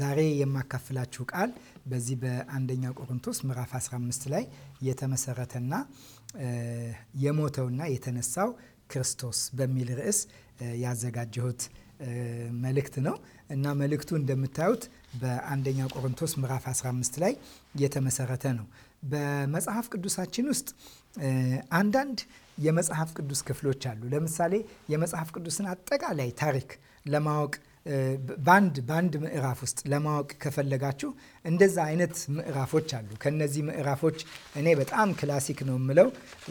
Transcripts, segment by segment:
ዛሬ የማካፍላችሁ ቃል በዚህ በአንደኛ ቆሮንቶስ ምዕራፍ 15 ላይ የተመሰረተና የሞተውና የተነሳው ክርስቶስ በሚል ርዕስ ያዘጋጀሁት መልእክት ነው እና መልእክቱ እንደምታዩት በአንደኛ ቆሮንቶስ ምዕራፍ 15 ላይ የተመሰረተ ነው። በመጽሐፍ ቅዱሳችን ውስጥ አንዳንድ የመጽሐፍ ቅዱስ ክፍሎች አሉ። ለምሳሌ የመጽሐፍ ቅዱስን አጠቃላይ ታሪክ ለማወቅ በአንድ በአንድ ምዕራፍ ውስጥ ለማወቅ ከፈለጋችሁ እንደዛ አይነት ምዕራፎች አሉ። ከነዚህ ምዕራፎች እኔ በጣም ክላሲክ ነው የምለው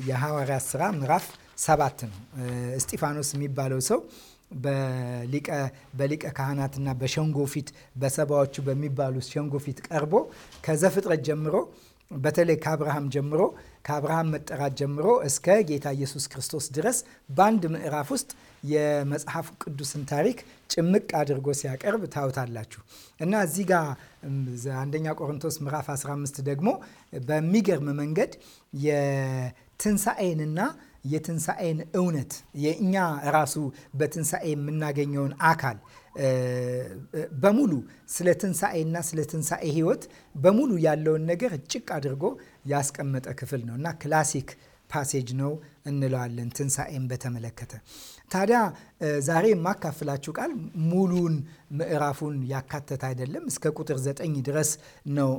የሐዋርያት ስራ ምዕራፍ ሰባት ነው። እስጢፋኖስ የሚባለው ሰው በሊቀ ካህናትና በሸንጎ ፊት በሰባዎቹ በሚባሉ ሸንጎ ፊት ቀርቦ ከዘፍጥረት ጀምሮ በተለይ ከአብርሃም ጀምሮ ከአብርሃም መጠራት ጀምሮ እስከ ጌታ ኢየሱስ ክርስቶስ ድረስ በአንድ ምዕራፍ ውስጥ የመጽሐፍ ቅዱስን ታሪክ ጭምቅ አድርጎ ሲያቀርብ ታውታላችሁ እና እዚህ ጋር አንደኛ ቆሮንቶስ ምዕራፍ 15 ደግሞ በሚገርም መንገድ የትንሣኤንና የትንሣኤን እውነት የእኛ ራሱ በትንሣኤ የምናገኘውን አካል በሙሉ ስለ ትንሣኤና ስለ ትንሣኤ ህይወት በሙሉ ያለውን ነገር እጭቅ አድርጎ ያስቀመጠ ክፍል ነው እና ክላሲክ ፓሴጅ ነው እንለዋለን። ትንሣኤን በተመለከተ ታዲያ ዛሬ የማካፍላችሁ ቃል ሙሉን ምዕራፉን ያካተተ አይደለም። እስከ ቁጥር ዘጠኝ ድረስ ነው።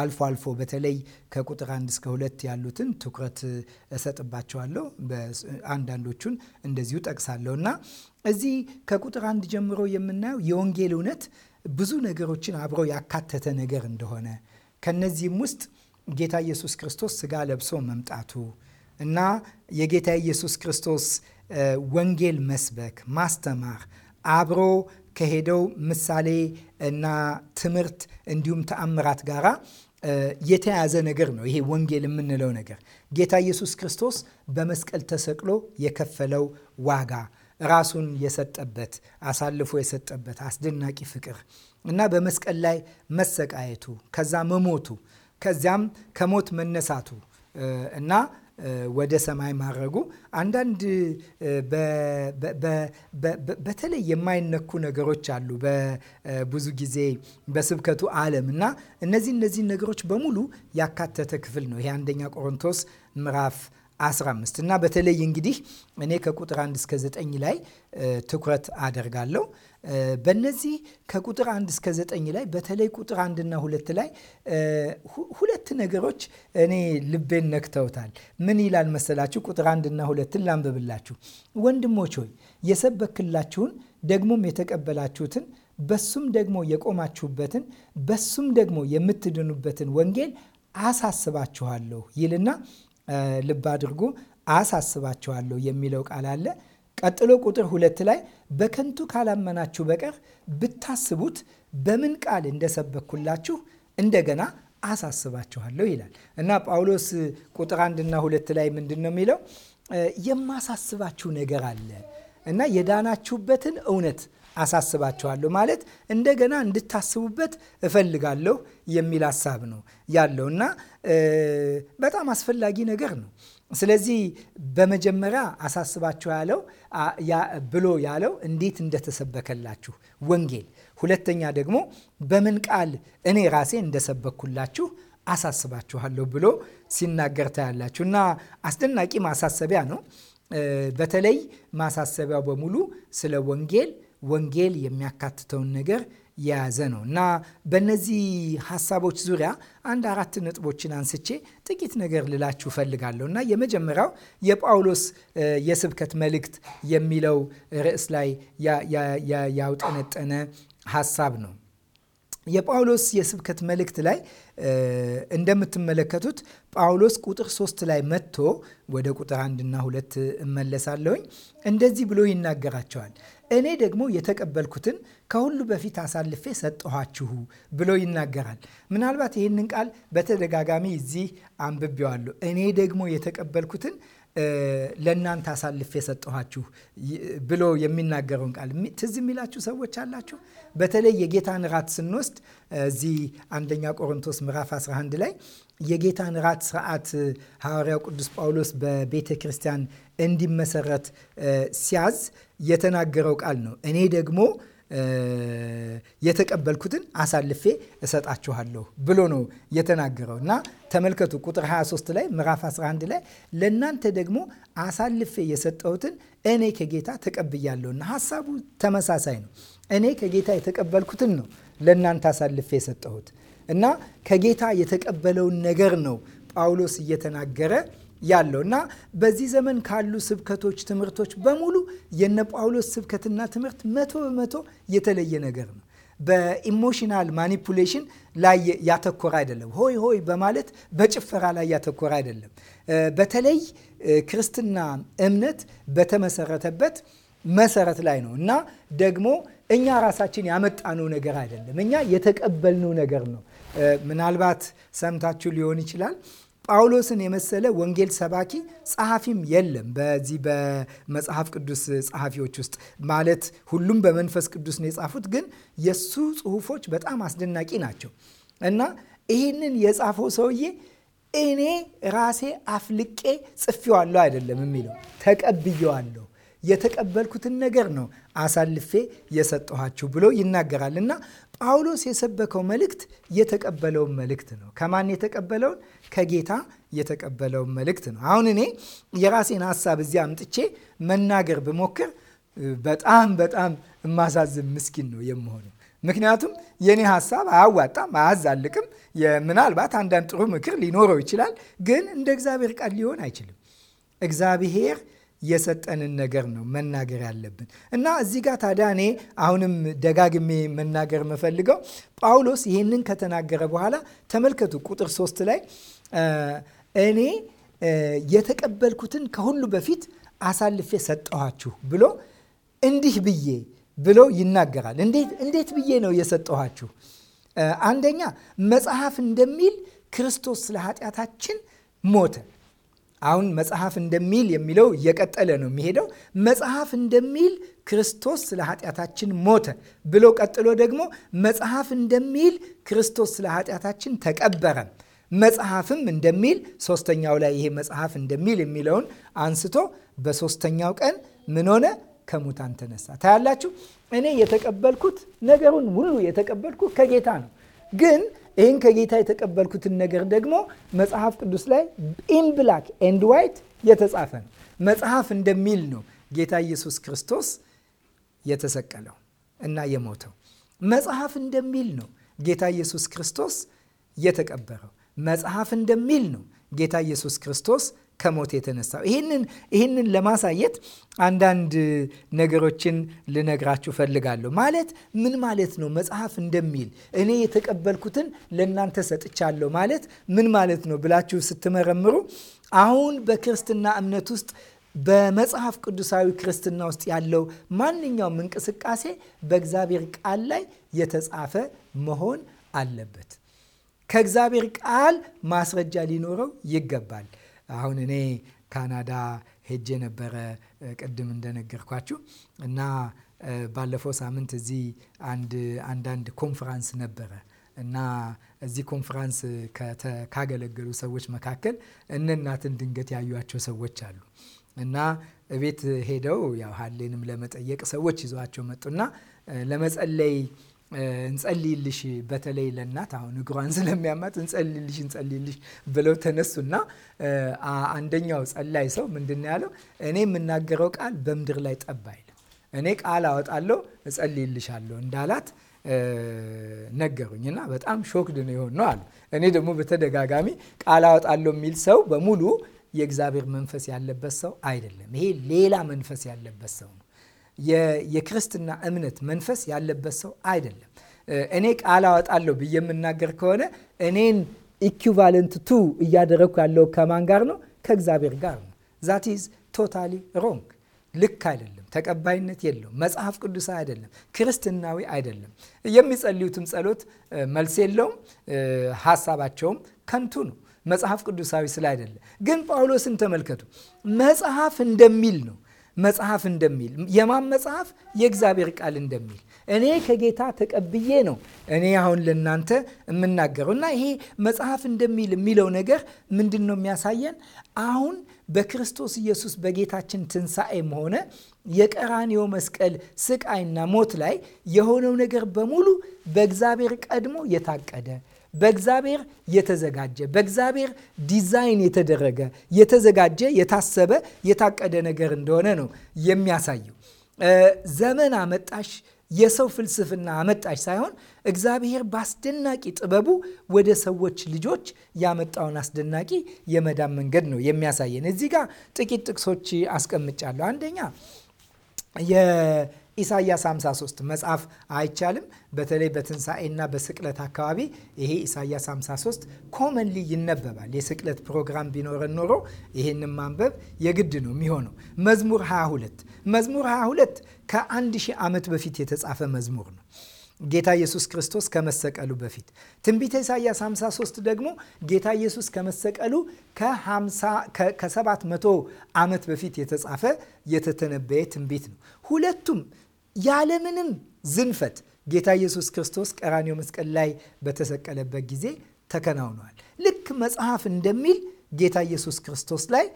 አልፎ አልፎ በተለይ ከቁጥር አንድ እስከ ሁለት ያሉትን ትኩረት እሰጥባቸዋለሁ። አንዳንዶቹን እንደዚሁ ጠቅሳለሁ እና እዚህ ከቁጥር አንድ ጀምሮ የምናየው የወንጌል እውነት ብዙ ነገሮችን አብሮ ያካተተ ነገር እንደሆነ ከነዚህም ውስጥ ጌታ ኢየሱስ ክርስቶስ ስጋ ለብሶ መምጣቱ እና የጌታ ኢየሱስ ክርስቶስ ወንጌል መስበክ፣ ማስተማር አብሮ ከሄደው ምሳሌ እና ትምህርት እንዲሁም ተአምራት ጋራ የተያዘ ነገር ነው። ይሄ ወንጌል የምንለው ነገር ጌታ ኢየሱስ ክርስቶስ በመስቀል ተሰቅሎ የከፈለው ዋጋ ራሱን የሰጠበት አሳልፎ የሰጠበት አስደናቂ ፍቅር እና በመስቀል ላይ መሰቃየቱ ከዛ መሞቱ ከዚያም ከሞት መነሳቱ እና ወደ ሰማይ ማድረጉ አንዳንድ በተለይ የማይነኩ ነገሮች አሉ። ብዙ ጊዜ በስብከቱ ዓለም እና እነዚህ እነዚህ ነገሮች በሙሉ ያካተተ ክፍል ነው ይሄ አንደኛ ቆሮንቶስ ምዕራፍ 15 እና በተለይ እንግዲህ እኔ ከቁጥር 1 እስከ 9 ላይ ትኩረት አደርጋለሁ። በነዚህ ከቁጥር አንድ እስከ ዘጠኝ ላይ በተለይ ቁጥር አንድና ሁለት ላይ ሁለት ነገሮች እኔ ልቤን ነክተውታል። ምን ይላል መሰላችሁ? ቁጥር አንድና ሁለትን ላንብብላችሁ። ወንድሞች ሆይ የሰበክላችሁን ደግሞም የተቀበላችሁትን በሱም ደግሞ የቆማችሁበትን በሱም ደግሞ የምትድኑበትን ወንጌል አሳስባችኋለሁ ይልና ልብ አድርጎ አሳስባችኋለሁ የሚለው ቃል አለ። ቀጥሎ ቁጥር ሁለት ላይ በከንቱ ካላመናችሁ በቀር ብታስቡት በምን ቃል እንደሰበኩላችሁ እንደገና አሳስባችኋለሁ ይላል እና ጳውሎስ ቁጥር አንድና ሁለት ላይ ምንድን ነው የሚለው? የማሳስባችሁ ነገር አለ እና የዳናችሁበትን እውነት አሳስባችኋለሁ ማለት እንደገና እንድታስቡበት እፈልጋለሁ የሚል ሀሳብ ነው ያለው እና በጣም አስፈላጊ ነገር ነው። ስለዚህ በመጀመሪያ አሳስባችሁ ያለው ብሎ ያለው እንዴት እንደተሰበከላችሁ ወንጌል፣ ሁለተኛ ደግሞ በምን ቃል እኔ ራሴ እንደሰበኩላችሁ አሳስባችኋለሁ ብሎ ሲናገር ታያላችሁ እና አስደናቂ ማሳሰቢያ ነው። በተለይ ማሳሰቢያው በሙሉ ስለ ወንጌል ወንጌል የሚያካትተውን ነገር የያዘ ነው እና በእነዚህ ሀሳቦች ዙሪያ አንድ አራት ነጥቦችን አንስቼ ጥቂት ነገር ልላችሁ ፈልጋለሁ እና የመጀመሪያው የጳውሎስ የስብከት መልእክት የሚለው ርዕስ ላይ ያውጠነጠነ ሀሳብ ነው። የጳውሎስ የስብከት መልእክት ላይ እንደምትመለከቱት ጳውሎስ ቁጥር ሶስት ላይ መጥቶ ወደ ቁጥር አንድና ሁለት እመለሳለሁኝ። እንደዚህ ብሎ ይናገራቸዋል። እኔ ደግሞ የተቀበልኩትን ከሁሉ በፊት አሳልፌ ሰጠኋችሁ ብሎ ይናገራል። ምናልባት ይህንን ቃል በተደጋጋሚ እዚህ አንብቤዋለሁ። እኔ ደግሞ የተቀበልኩትን ለእናንተ አሳልፌ ሰጠኋችሁ ብሎ የሚናገረውን ቃል ትዝ የሚላችሁ ሰዎች አላችሁ። በተለይ የጌታን ራት ስንወስድ እዚህ አንደኛ ቆሮንቶስ ምዕራፍ 11 ላይ የጌታን ራት ስርዓት ሐዋርያው ቅዱስ ጳውሎስ በቤተ ክርስቲያን እንዲመሰረት ሲያዝ የተናገረው ቃል ነው። እኔ ደግሞ የተቀበልኩትን አሳልፌ እሰጣችኋለሁ ብሎ ነው የተናገረው እና ተመልከቱ ቁጥር 23 ላይ ምዕራፍ 11 ላይ ለእናንተ ደግሞ አሳልፌ የሰጠሁትን እኔ ከጌታ ተቀብያለሁ እና ሀሳቡ ተመሳሳይ ነው። እኔ ከጌታ የተቀበልኩትን ነው ለእናንተ አሳልፌ የሰጠሁት እና ከጌታ የተቀበለውን ነገር ነው ጳውሎስ እየተናገረ ያለው እና በዚህ ዘመን ካሉ ስብከቶች፣ ትምህርቶች በሙሉ የነ ጳውሎስ ስብከትና ትምህርት መቶ በመቶ የተለየ ነገር ነው። በኢሞሽናል ማኒፑሌሽን ላይ ያተኮረ አይደለም። ሆይ ሆይ በማለት በጭፈራ ላይ ያተኮረ አይደለም። በተለይ ክርስትና እምነት በተመሰረተበት መሰረት ላይ ነው እና ደግሞ እኛ ራሳችን ያመጣነው ነገር አይደለም። እኛ የተቀበልነው ነገር ነው። ምናልባት ሰምታችሁ ሊሆን ይችላል ጳውሎስን የመሰለ ወንጌል ሰባኪ ጸሐፊም የለም። በዚህ በመጽሐፍ ቅዱስ ጸሐፊዎች ውስጥ ማለት ሁሉም በመንፈስ ቅዱስ ነው የጻፉት፣ ግን የሱ ጽሁፎች በጣም አስደናቂ ናቸው እና ይህንን የጻፈው ሰውዬ እኔ ራሴ አፍልቄ ጽፌዋለሁ አይደለም የሚለው ተቀብየዋለሁ የተቀበልኩትን ነገር ነው አሳልፌ የሰጠኋችሁ ብሎ ይናገራል እና ጳውሎስ የሰበከው መልእክት የተቀበለውን መልእክት ነው። ከማን የተቀበለውን? ከጌታ የተቀበለውን መልእክት ነው። አሁን እኔ የራሴን ሀሳብ እዚህ አምጥቼ መናገር ብሞክር በጣም በጣም የማሳዝን ምስኪን ነው የምሆነው። ምክንያቱም የኔ ሀሳብ አያዋጣም፣ አያዛልቅም። ምናልባት አንዳንድ ጥሩ ምክር ሊኖረው ይችላል፣ ግን እንደ እግዚአብሔር ቃል ሊሆን አይችልም። እግዚአብሔር የሰጠንን ነገር ነው መናገር ያለብን እና እዚህ ጋር ታዲያ እኔ አሁንም ደጋግሜ መናገር የምፈልገው ጳውሎስ ይህንን ከተናገረ በኋላ ተመልከቱ ቁጥር ሶስት ላይ እኔ የተቀበልኩትን ከሁሉ በፊት አሳልፌ ሰጠኋችሁ ብሎ እንዲህ ብዬ ብሎ ይናገራል። እንዴት ብዬ ነው የሰጠኋችሁ? አንደኛ መጽሐፍ እንደሚል ክርስቶስ ስለ ኃጢአታችን ሞተ አሁን መጽሐፍ እንደሚል የሚለው እየቀጠለ ነው የሚሄደው። መጽሐፍ እንደሚል ክርስቶስ ስለ ኃጢአታችን ሞተ ብሎ ቀጥሎ ደግሞ መጽሐፍ እንደሚል ክርስቶስ ስለ ኃጢአታችን ተቀበረ፣ መጽሐፍም እንደሚል ሶስተኛው ላይ ይሄ መጽሐፍ እንደሚል የሚለውን አንስቶ በሶስተኛው ቀን ምን ሆነ? ከሙታን ተነሳ። ታያላችሁ። እኔ የተቀበልኩት ነገሩን ሁሉ የተቀበልኩት ከጌታ ነው ግን ይህን ከጌታ የተቀበልኩትን ነገር ደግሞ መጽሐፍ ቅዱስ ላይ ኢን ብላክ ኤንድ ዋይት የተጻፈ ነው። መጽሐፍ እንደሚል ነው ጌታ ኢየሱስ ክርስቶስ የተሰቀለው እና የሞተው። መጽሐፍ እንደሚል ነው ጌታ ኢየሱስ ክርስቶስ የተቀበረው። መጽሐፍ እንደሚል ነው ጌታ ኢየሱስ ክርስቶስ ከሞት የተነሳው። ይህንን ይህንን ለማሳየት አንዳንድ ነገሮችን ልነግራችሁ ፈልጋለሁ። ማለት ምን ማለት ነው? መጽሐፍ እንደሚል እኔ የተቀበልኩትን ለእናንተ ሰጥቻለሁ ማለት ምን ማለት ነው ብላችሁ ስትመረምሩ አሁን በክርስትና እምነት ውስጥ በመጽሐፍ ቅዱሳዊ ክርስትና ውስጥ ያለው ማንኛውም እንቅስቃሴ በእግዚአብሔር ቃል ላይ የተጻፈ መሆን አለበት። ከእግዚአብሔር ቃል ማስረጃ ሊኖረው ይገባል። አሁን እኔ ካናዳ ሄጄ ነበረ ቅድም እንደነገርኳችሁ እና ባለፈው ሳምንት እዚህ አንድ አንዳንድ ኮንፈራንስ ነበረ እና እዚህ ኮንፈራንስ ካገለገሉ ሰዎች መካከል እነ እናትን ድንገት ያዩቸው ሰዎች አሉ እና እቤት ሄደው ያው ሀሌንም ለመጠየቅ ሰዎች ይዟቸው መጡና ለመጸለይ እንጸልይልሽ በተለይ ለእናት አሁን እግሯን ስለሚያማት እንጸልይልሽ እንጸልይልሽ ብለው ተነሱና አንደኛው ጸላይ ሰው ምንድን ያለው? እኔ የምናገረው ቃል በምድር ላይ ጠብ አይልም። እኔ ቃል አወጣለሁ እጸልይልሻለሁ እንዳላት ነገሩኝ እና በጣም ሾክድ ነው የሆን ነው አሉ። እኔ ደግሞ በተደጋጋሚ ቃል አወጣለሁ የሚል ሰው በሙሉ የእግዚአብሔር መንፈስ ያለበት ሰው አይደለም። ይሄ ሌላ መንፈስ ያለበት ሰው ነው። የክርስትና እምነት መንፈስ ያለበት ሰው አይደለም። እኔ ቃል አወጣለሁ ብዬ የምናገር ከሆነ እኔን ኢኩቫለንት ቱ እያደረግኩ ያለው ከማን ጋር ነው? ከእግዚአብሔር ጋር ነው። ዛት ኢዝ ቶታሊ ሮንግ። ልክ አይደለም። ተቀባይነት የለውም። መጽሐፍ ቅዱስ አይደለም። ክርስትናዊ አይደለም። የሚጸልዩትም ጸሎት መልስ የለውም። ሀሳባቸውም ከንቱ ነው። መጽሐፍ ቅዱሳዊ ስለ አይደለም። ግን ጳውሎስን ተመልከቱ። መጽሐፍ እንደሚል ነው መጽሐፍ እንደሚል የማን መጽሐፍ? የእግዚአብሔር ቃል እንደሚል እኔ ከጌታ ተቀብዬ ነው እኔ አሁን ለእናንተ የምናገረው እና ይሄ መጽሐፍ እንደሚል የሚለው ነገር ምንድን ነው የሚያሳየን? አሁን በክርስቶስ ኢየሱስ በጌታችን ትንሣኤም ሆነ የቀራንዮ መስቀል ስቃይና ሞት ላይ የሆነው ነገር በሙሉ በእግዚአብሔር ቀድሞ የታቀደ በእግዚአብሔር የተዘጋጀ በእግዚአብሔር ዲዛይን የተደረገ የተዘጋጀ የታሰበ የታቀደ ነገር እንደሆነ ነው የሚያሳየው። ዘመን አመጣሽ የሰው ፍልስፍና አመጣሽ ሳይሆን እግዚአብሔር በአስደናቂ ጥበቡ ወደ ሰዎች ልጆች ያመጣውን አስደናቂ የመዳን መንገድ ነው የሚያሳየን። እዚህ ጋር ጥቂት ጥቅሶች አስቀምጫለሁ። አንደኛ ኢሳያስ 53 መጽሐፍ አይቻልም። በተለይ በትንሣኤና በስቅለት አካባቢ ይሄ ኢሳያስ 53 ኮመንሊ ይነበባል። የስቅለት ፕሮግራም ቢኖረን ኖሮ ይህን ማንበብ የግድ ነው የሚሆነው። መዝሙር 22 መዝሙር 22 ከአንድ ሺህ ዓመት በፊት የተጻፈ መዝሙር ነው ጌታ ኢየሱስ ክርስቶስ ከመሰቀሉ በፊት ትንቢተ ኢሳያስ 53 ደግሞ ጌታ ኢየሱስ ከመሰቀሉ ከ700 ዓመት በፊት የተጻፈ የተተነበየ ትንቢት ነው። ሁለቱም ያለምንም ዝንፈት ጌታ ኢየሱስ ክርስቶስ ቀራንዮ መስቀል ላይ በተሰቀለበት ጊዜ ተከናውኗል። ልክ መጽሐፍ እንደሚል ጌታ ኢየሱስ ክርስቶስ ላይ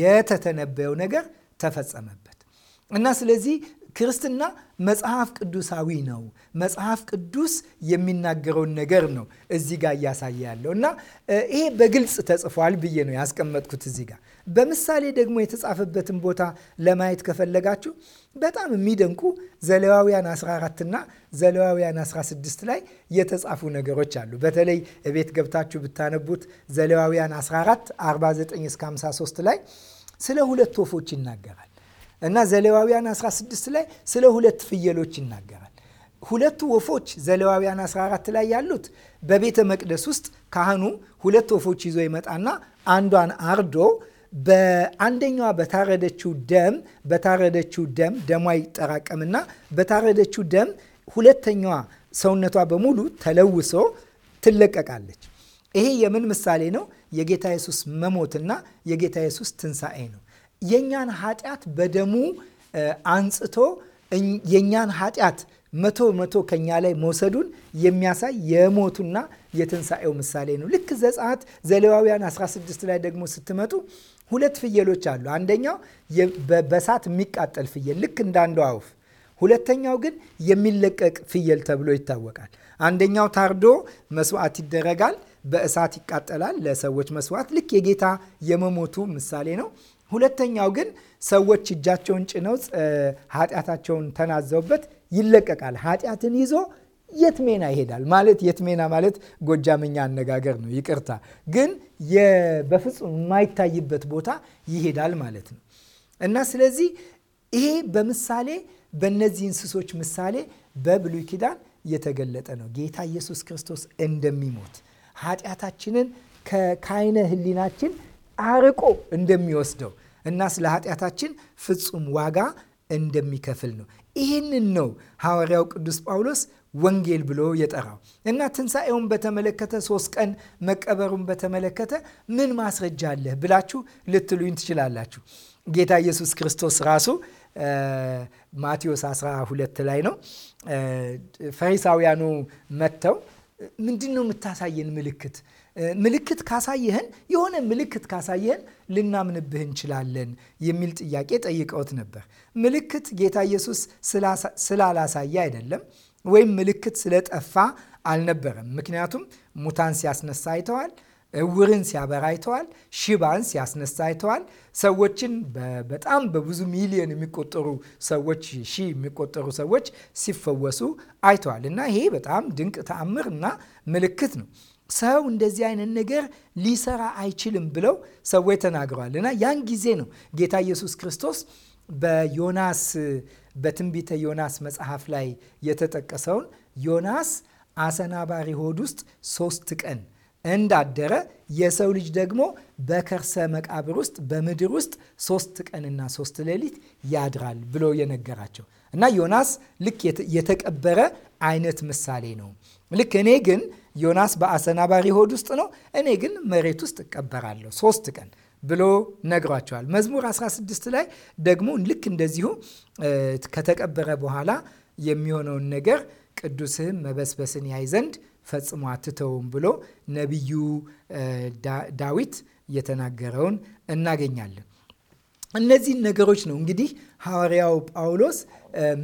የተተነበየው ነገር ተፈጸመበት እና ስለዚህ ክርስትና መጽሐፍ ቅዱሳዊ ነው። መጽሐፍ ቅዱስ የሚናገረውን ነገር ነው እዚህ ጋር እያሳየ ያለው እና ይሄ በግልጽ ተጽፏል ብዬ ነው ያስቀመጥኩት። እዚህ ጋር በምሳሌ ደግሞ የተጻፈበትን ቦታ ለማየት ከፈለጋችሁ በጣም የሚደንቁ ዘሌዋውያን 14 እና ዘሌዋውያን 16 ላይ የተጻፉ ነገሮች አሉ። በተለይ እቤት ገብታችሁ ብታነቡት ዘሌዋውያን 14 49 እስከ 53 ላይ ስለ ሁለት ወፎች ይናገራል። እና ዘሌዋውያን 16 ላይ ስለ ሁለት ፍየሎች ይናገራል። ሁለቱ ወፎች ዘሌዋውያን 14 ላይ ያሉት በቤተ መቅደስ ውስጥ ካህኑ ሁለት ወፎች ይዞ ይመጣና አንዷን አርዶ በአንደኛዋ በታረደችው ደም በታረደችው ደም ደሟ ይጠራቀምና በታረደችው ደም ሁለተኛዋ ሰውነቷ በሙሉ ተለውሶ ትለቀቃለች። ይሄ የምን ምሳሌ ነው? የጌታ ኢየሱስ መሞትና የጌታ ኢየሱስ ትንሣኤ ነው። የእኛን ኃጢአት በደሙ አንጽቶ የእኛን ኃጢአት መቶ መቶ ከኛ ላይ መውሰዱን የሚያሳይ የሞቱና የትንሣኤው ምሳሌ ነው። ልክ ዘጸአት ዘሌዋውያን 16 ላይ ደግሞ ስትመጡ ሁለት ፍየሎች አሉ። አንደኛው በሳት የሚቃጠል ፍየል ልክ እንዳንዱ አውፍ፣ ሁለተኛው ግን የሚለቀቅ ፍየል ተብሎ ይታወቃል። አንደኛው ታርዶ መስዋዕት ይደረጋል፣ በእሳት ይቃጠላል፣ ለሰዎች መስዋዕት ልክ የጌታ የመሞቱ ምሳሌ ነው። ሁለተኛው ግን ሰዎች እጃቸውን ጭነው ኃጢአታቸውን ተናዘውበት ይለቀቃል። ኃጢአትን ይዞ የትሜና ይሄዳል ማለት የትሜና ማለት ጎጃምኛ አነጋገር ነው። ይቅርታ ግን በፍጹም የማይታይበት ቦታ ይሄዳል ማለት ነው እና ስለዚህ ይሄ በምሳሌ በእነዚህ እንስሶች ምሳሌ በብሉይ ኪዳን የተገለጠ ነው። ጌታ ኢየሱስ ክርስቶስ እንደሚሞት ኃጢአታችንን ከካይነ ህሊናችን አርቆ እንደሚወስደው እና ስለ ኃጢአታችን ፍጹም ዋጋ እንደሚከፍል ነው። ይህንን ነው ሐዋርያው ቅዱስ ጳውሎስ ወንጌል ብሎ የጠራው እና ትንሣኤውን በተመለከተ ሶስት ቀን መቀበሩን በተመለከተ ምን ማስረጃ አለህ ብላችሁ ልትሉኝ ትችላላችሁ። ጌታ ኢየሱስ ክርስቶስ ራሱ ማቴዎስ 12 ላይ ነው ፈሪሳውያኑ መጥተው ምንድን ነው የምታሳየን ምልክት ምልክት ካሳየህን የሆነ ምልክት ካሳየህን ልናምንብህ እንችላለን የሚል ጥያቄ ጠይቀውት ነበር። ምልክት ጌታ ኢየሱስ ስላላሳየ አይደለም ወይም ምልክት ስለጠፋ አልነበረም። ምክንያቱም ሙታን ሲያስነሳ አይተዋል። እውርን ሲያበራ አይተዋል። ሽባን ሲያስነሳ አይተዋል። ሰዎችን በጣም በብዙ ሚሊዮን የሚቆጠሩ ሰዎች ሺህ የሚቆጠሩ ሰዎች ሲፈወሱ አይተዋል እና ይሄ በጣም ድንቅ ተአምር እና ምልክት ነው። ሰው እንደዚህ አይነት ነገር ሊሰራ አይችልም ብለው ሰዎች ተናግረዋል። እና ያን ጊዜ ነው ጌታ ኢየሱስ ክርስቶስ በዮናስ በትንቢተ ዮናስ መጽሐፍ ላይ የተጠቀሰውን ዮናስ አሰናባሪ ሆድ ውስጥ ሶስት ቀን እንዳደረ የሰው ልጅ ደግሞ በከርሰ መቃብር ውስጥ በምድር ውስጥ ሶስት ቀንና ሶስት ሌሊት ያድራል ብሎ የነገራቸው እና ዮናስ ልክ የተቀበረ አይነት ምሳሌ ነው። ልክ እኔ ግን ዮናስ በአሰናባሪ ሆድ ውስጥ ነው፣ እኔ ግን መሬት ውስጥ እቀበራለሁ ሶስት ቀን ብሎ ነግሯቸዋል። መዝሙር 16 ላይ ደግሞ ልክ እንደዚሁ ከተቀበረ በኋላ የሚሆነውን ነገር ቅዱስህም መበስበስን ያይ ዘንድ ፈጽሞ አትተውም ብሎ ነቢዩ ዳዊት የተናገረውን እናገኛለን። እነዚህን ነገሮች ነው እንግዲህ ሐዋርያው ጳውሎስ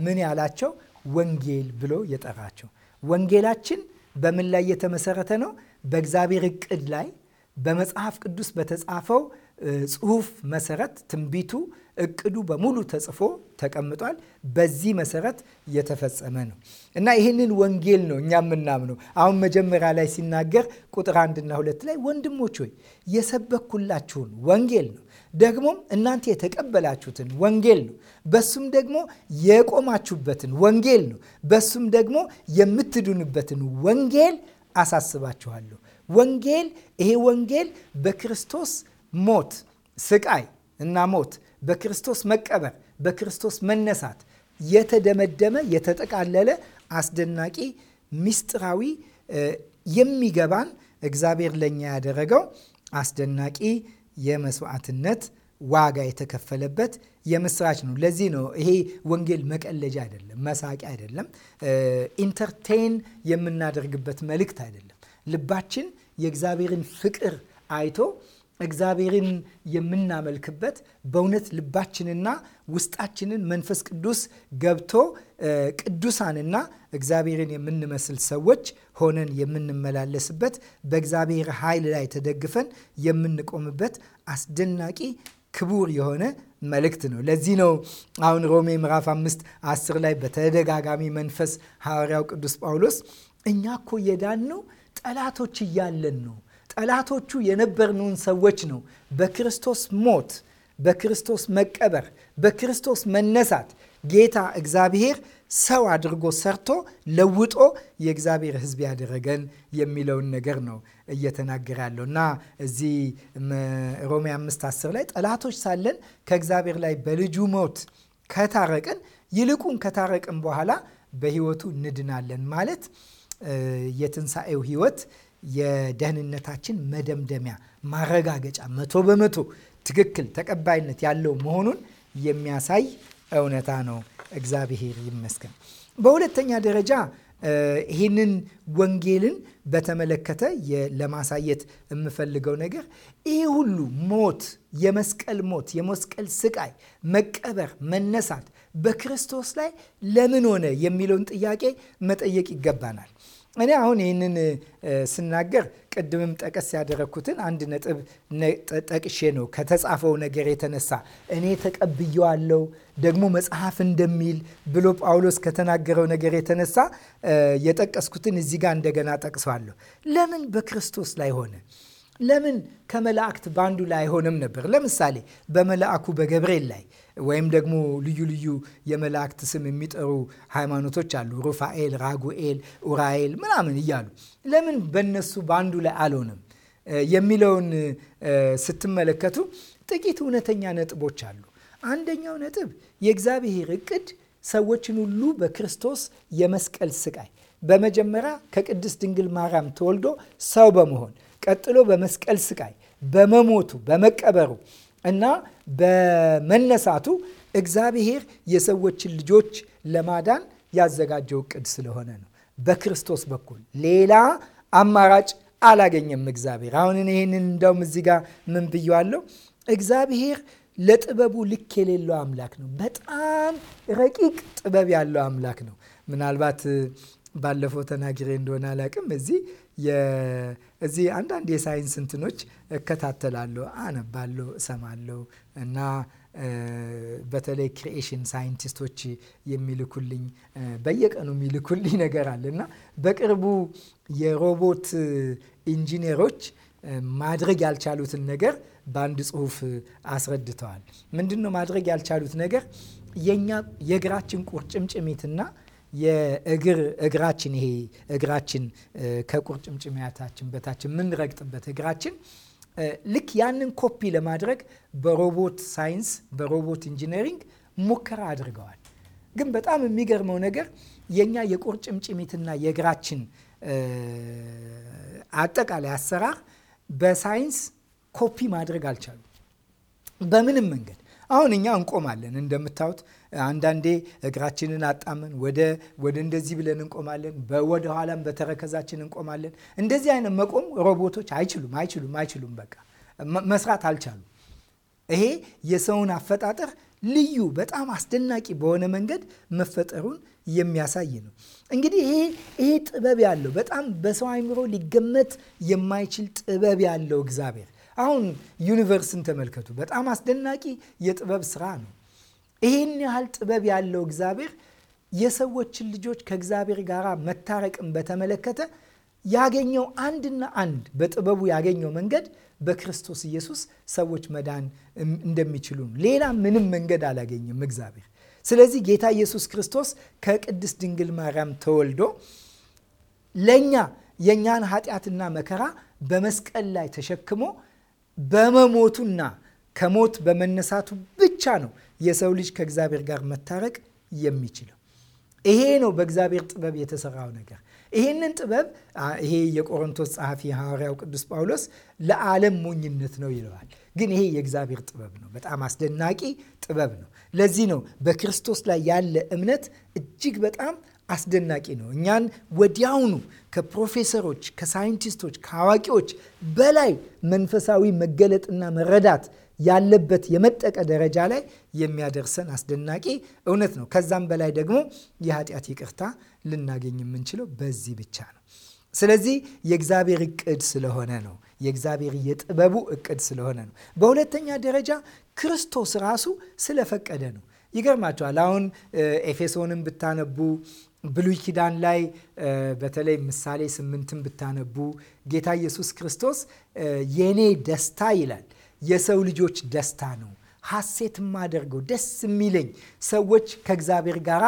ምን ያላቸው ወንጌል ብሎ የጠራቸው ወንጌላችን በምን ላይ የተመሰረተ ነው? በእግዚአብሔር እቅድ ላይ በመጽሐፍ ቅዱስ በተጻፈው ጽሁፍ መሰረት ትንቢቱ፣ እቅዱ በሙሉ ተጽፎ ተቀምጧል። በዚህ መሰረት የተፈጸመ ነው እና ይህንን ወንጌል ነው እኛ የምናምነው። አሁን መጀመሪያ ላይ ሲናገር ቁጥር አንድና ሁለት ላይ ወንድሞች ሆይ የሰበኩላችሁን ወንጌል ነው ደግሞም እናንተ የተቀበላችሁትን ወንጌል ነው። በሱም ደግሞ የቆማችሁበትን ወንጌል ነው። በሱም ደግሞ የምትድኑበትን ወንጌል አሳስባችኋለሁ። ወንጌል ይሄ ወንጌል በክርስቶስ ሞት፣ ስቃይ እና ሞት፣ በክርስቶስ መቀበር፣ በክርስቶስ መነሳት የተደመደመ የተጠቃለለ አስደናቂ ምስጢራዊ የሚገባን እግዚአብሔር ለእኛ ያደረገው አስደናቂ የመስዋዕትነት ዋጋ የተከፈለበት የምስራች ነው። ለዚህ ነው ይሄ ወንጌል መቀለጃ አይደለም፣ መሳቂያ አይደለም፣ ኢንተርቴን የምናደርግበት መልእክት አይደለም። ልባችን የእግዚአብሔርን ፍቅር አይቶ እግዚአብሔርን የምናመልክበት በእውነት ልባችንና ውስጣችንን መንፈስ ቅዱስ ገብቶ ቅዱሳንና እግዚአብሔርን የምንመስል ሰዎች ሆነን የምንመላለስበት በእግዚአብሔር ኃይል ላይ ተደግፈን የምንቆምበት አስደናቂ ክቡር የሆነ መልእክት ነው። ለዚህ ነው አሁን ሮሜ ምዕራፍ አምስት አስር ላይ በተደጋጋሚ መንፈስ ሐዋርያው ቅዱስ ጳውሎስ እኛ እኮ የዳነው ጠላቶች እያለን ነው። ጠላቶቹ የነበርነውን ሰዎች ነው በክርስቶስ ሞት በክርስቶስ መቀበር፣ በክርስቶስ መነሳት ጌታ እግዚአብሔር ሰው አድርጎ ሰርቶ ለውጦ የእግዚአብሔር ሕዝብ ያደረገን የሚለውን ነገር ነው እየተናገረ ያለው እና እዚህ ሮሜ አምስት 10 ላይ ጠላቶች ሳለን ከእግዚአብሔር ላይ በልጁ ሞት ከታረቅን ይልቁን ከታረቅን በኋላ በሕይወቱ እንድናለን ማለት የትንሣኤው ሕይወት የደህንነታችን መደምደሚያ ማረጋገጫ መቶ በመቶ ትክክል ተቀባይነት ያለው መሆኑን የሚያሳይ እውነታ ነው። እግዚአብሔር ይመስገን። በሁለተኛ ደረጃ ይህንን ወንጌልን በተመለከተ ለማሳየት የምፈልገው ነገር ይህ ሁሉ ሞት፣ የመስቀል ሞት፣ የመስቀል ስቃይ፣ መቀበር፣ መነሳት በክርስቶስ ላይ ለምን ሆነ የሚለውን ጥያቄ መጠየቅ ይገባናል። እኔ አሁን ይህንን ስናገር ቅድምም ጠቀስ ያደረግኩትን አንድ ነጥብ ጠቅሼ ነው። ከተጻፈው ነገር የተነሳ እኔ ተቀብየዋለው ደግሞ መጽሐፍ እንደሚል ብሎ ጳውሎስ ከተናገረው ነገር የተነሳ የጠቀስኩትን እዚህ ጋር እንደገና ጠቅሰዋለሁ። ለምን በክርስቶስ ላይ ሆነ? ለምን ከመላእክት በአንዱ ላይ አይሆንም ነበር? ለምሳሌ በመልአኩ በገብርኤል ላይ ወይም ደግሞ ልዩ ልዩ የመላእክት ስም የሚጠሩ ሃይማኖቶች አሉ። ሩፋኤል፣ ራጉኤል፣ ኡራኤል ምናምን እያሉ ለምን በነሱ በአንዱ ላይ አልሆንም የሚለውን ስትመለከቱ ጥቂት እውነተኛ ነጥቦች አሉ። አንደኛው ነጥብ የእግዚአብሔር እቅድ ሰዎችን ሁሉ በክርስቶስ የመስቀል ስቃይ በመጀመሪያ ከቅድስት ድንግል ማርያም ተወልዶ ሰው በመሆን ቀጥሎ በመስቀል ስቃይ በመሞቱ በመቀበሩ እና በመነሳቱ እግዚአብሔር የሰዎችን ልጆች ለማዳን ያዘጋጀው እቅድ ስለሆነ ነው። በክርስቶስ በኩል ሌላ አማራጭ አላገኘም እግዚአብሔር። አሁን ይህንን እንደውም እዚህ ጋር ምን ብየዋለሁ? እግዚአብሔር ለጥበቡ ልክ የሌለው አምላክ ነው። በጣም ረቂቅ ጥበብ ያለው አምላክ ነው። ምናልባት ባለፈው ተናግሬ እንደሆነ አላቅም እዚህ እዚህ አንዳንድ የሳይንስ እንትኖች እከታተላለሁ፣ አነባለሁ፣ እሰማለሁ እና በተለይ ክሪኤሽን ሳይንቲስቶች የሚልኩልኝ በየቀኑ የሚልኩልኝ ነገር አለ እና በቅርቡ የሮቦት ኢንጂነሮች ማድረግ ያልቻሉትን ነገር በአንድ ጽሁፍ አስረድተዋል። ምንድን ነው ማድረግ ያልቻሉት ነገር? የእኛ የእግራችን ቁርጭምጭሚትና የእግር እግራችን ይሄ እግራችን ከቁርጭምጭሚያታችን በታች የምንረግጥበት እግራችን ልክ ያንን ኮፒ ለማድረግ በሮቦት ሳይንስ በሮቦት ኢንጂነሪንግ ሙከራ አድርገዋል። ግን በጣም የሚገርመው ነገር የእኛ የቁርጭምጭሚትና የእግራችን አጠቃላይ አሰራር በሳይንስ ኮፒ ማድረግ አልቻሉም። በምንም መንገድ አሁን እኛ እንቆማለን እንደምታዩት አንዳንዴ እግራችንን አጣምን ወደ ወደ እንደዚህ ብለን እንቆማለን። ወደኋላም በተረከዛችን እንቆማለን። እንደዚህ አይነት መቆም ሮቦቶች አይችሉም አይችሉም አይችሉም። በቃ መስራት አልቻሉም። ይሄ የሰውን አፈጣጠር ልዩ በጣም አስደናቂ በሆነ መንገድ መፈጠሩን የሚያሳይ ነው። እንግዲህ ይሄ ይሄ ጥበብ ያለው በጣም በሰው አይምሮ ሊገመት የማይችል ጥበብ ያለው እግዚአብሔር አሁን ዩኒቨርስን ተመልከቱ። በጣም አስደናቂ የጥበብ ስራ ነው። ይህን ያህል ጥበብ ያለው እግዚአብሔር የሰዎችን ልጆች ከእግዚአብሔር ጋር መታረቅን በተመለከተ ያገኘው አንድና አንድ በጥበቡ ያገኘው መንገድ በክርስቶስ ኢየሱስ ሰዎች መዳን እንደሚችሉ ነው። ሌላ ምንም መንገድ አላገኘም እግዚአብሔር። ስለዚህ ጌታ ኢየሱስ ክርስቶስ ከቅድስት ድንግል ማርያም ተወልዶ ለእኛ የእኛን ኃጢአትና መከራ በመስቀል ላይ ተሸክሞ በመሞቱና ከሞት በመነሳቱ ብቻ ነው የሰው ልጅ ከእግዚአብሔር ጋር መታረቅ የሚችለው። ይሄ ነው በእግዚአብሔር ጥበብ የተሰራው ነገር። ይሄንን ጥበብ ይሄ የቆሮንቶስ ጸሐፊ ሐዋርያው ቅዱስ ጳውሎስ ለዓለም ሞኝነት ነው ይለዋል። ግን ይሄ የእግዚአብሔር ጥበብ ነው። በጣም አስደናቂ ጥበብ ነው። ለዚህ ነው በክርስቶስ ላይ ያለ እምነት እጅግ በጣም አስደናቂ ነው። እኛን ወዲያውኑ ከፕሮፌሰሮች፣ ከሳይንቲስቶች፣ ከአዋቂዎች በላይ መንፈሳዊ መገለጥና መረዳት ያለበት የመጠቀ ደረጃ ላይ የሚያደርሰን አስደናቂ እውነት ነው። ከዛም በላይ ደግሞ የኃጢአት ይቅርታ ልናገኝ የምንችለው በዚህ ብቻ ነው። ስለዚህ የእግዚአብሔር እቅድ ስለሆነ ነው። የእግዚአብሔር የጥበቡ እቅድ ስለሆነ ነው። በሁለተኛ ደረጃ ክርስቶስ ራሱ ስለፈቀደ ነው። ይገርማቸዋል። አሁን ኤፌሶንን ብታነቡ ብሉይ ኪዳን ላይ በተለይ ምሳሌ ስምንትን ብታነቡ ጌታ ኢየሱስ ክርስቶስ የኔ ደስታ ይላል የሰው ልጆች ደስታ ነው። ሐሴት ማደርገው ደስ የሚለኝ ሰዎች ከእግዚአብሔር ጋር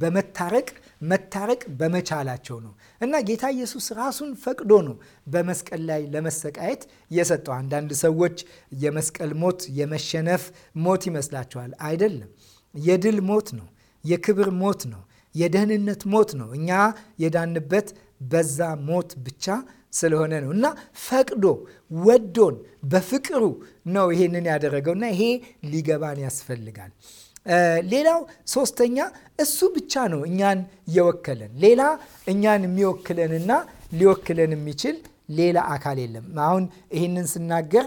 በመታረቅ መታረቅ በመቻላቸው ነው እና ጌታ ኢየሱስ ራሱን ፈቅዶ ነው በመስቀል ላይ ለመሰቃየት የሰጠው። አንዳንድ ሰዎች የመስቀል ሞት የመሸነፍ ሞት ይመስላቸዋል። አይደለም። የድል ሞት ነው። የክብር ሞት ነው። የደህንነት ሞት ነው። እኛ የዳንበት በዛ ሞት ብቻ ስለሆነ ነው እና ፈቅዶ ወዶን በፍቅሩ ነው ይሄንን ያደረገው እና ይሄ ሊገባን ያስፈልጋል። ሌላው ሶስተኛ፣ እሱ ብቻ ነው እኛን የወከለን። ሌላ እኛን የሚወክለንና ሊወክለን የሚችል ሌላ አካል የለም። አሁን ይህንን ስናገር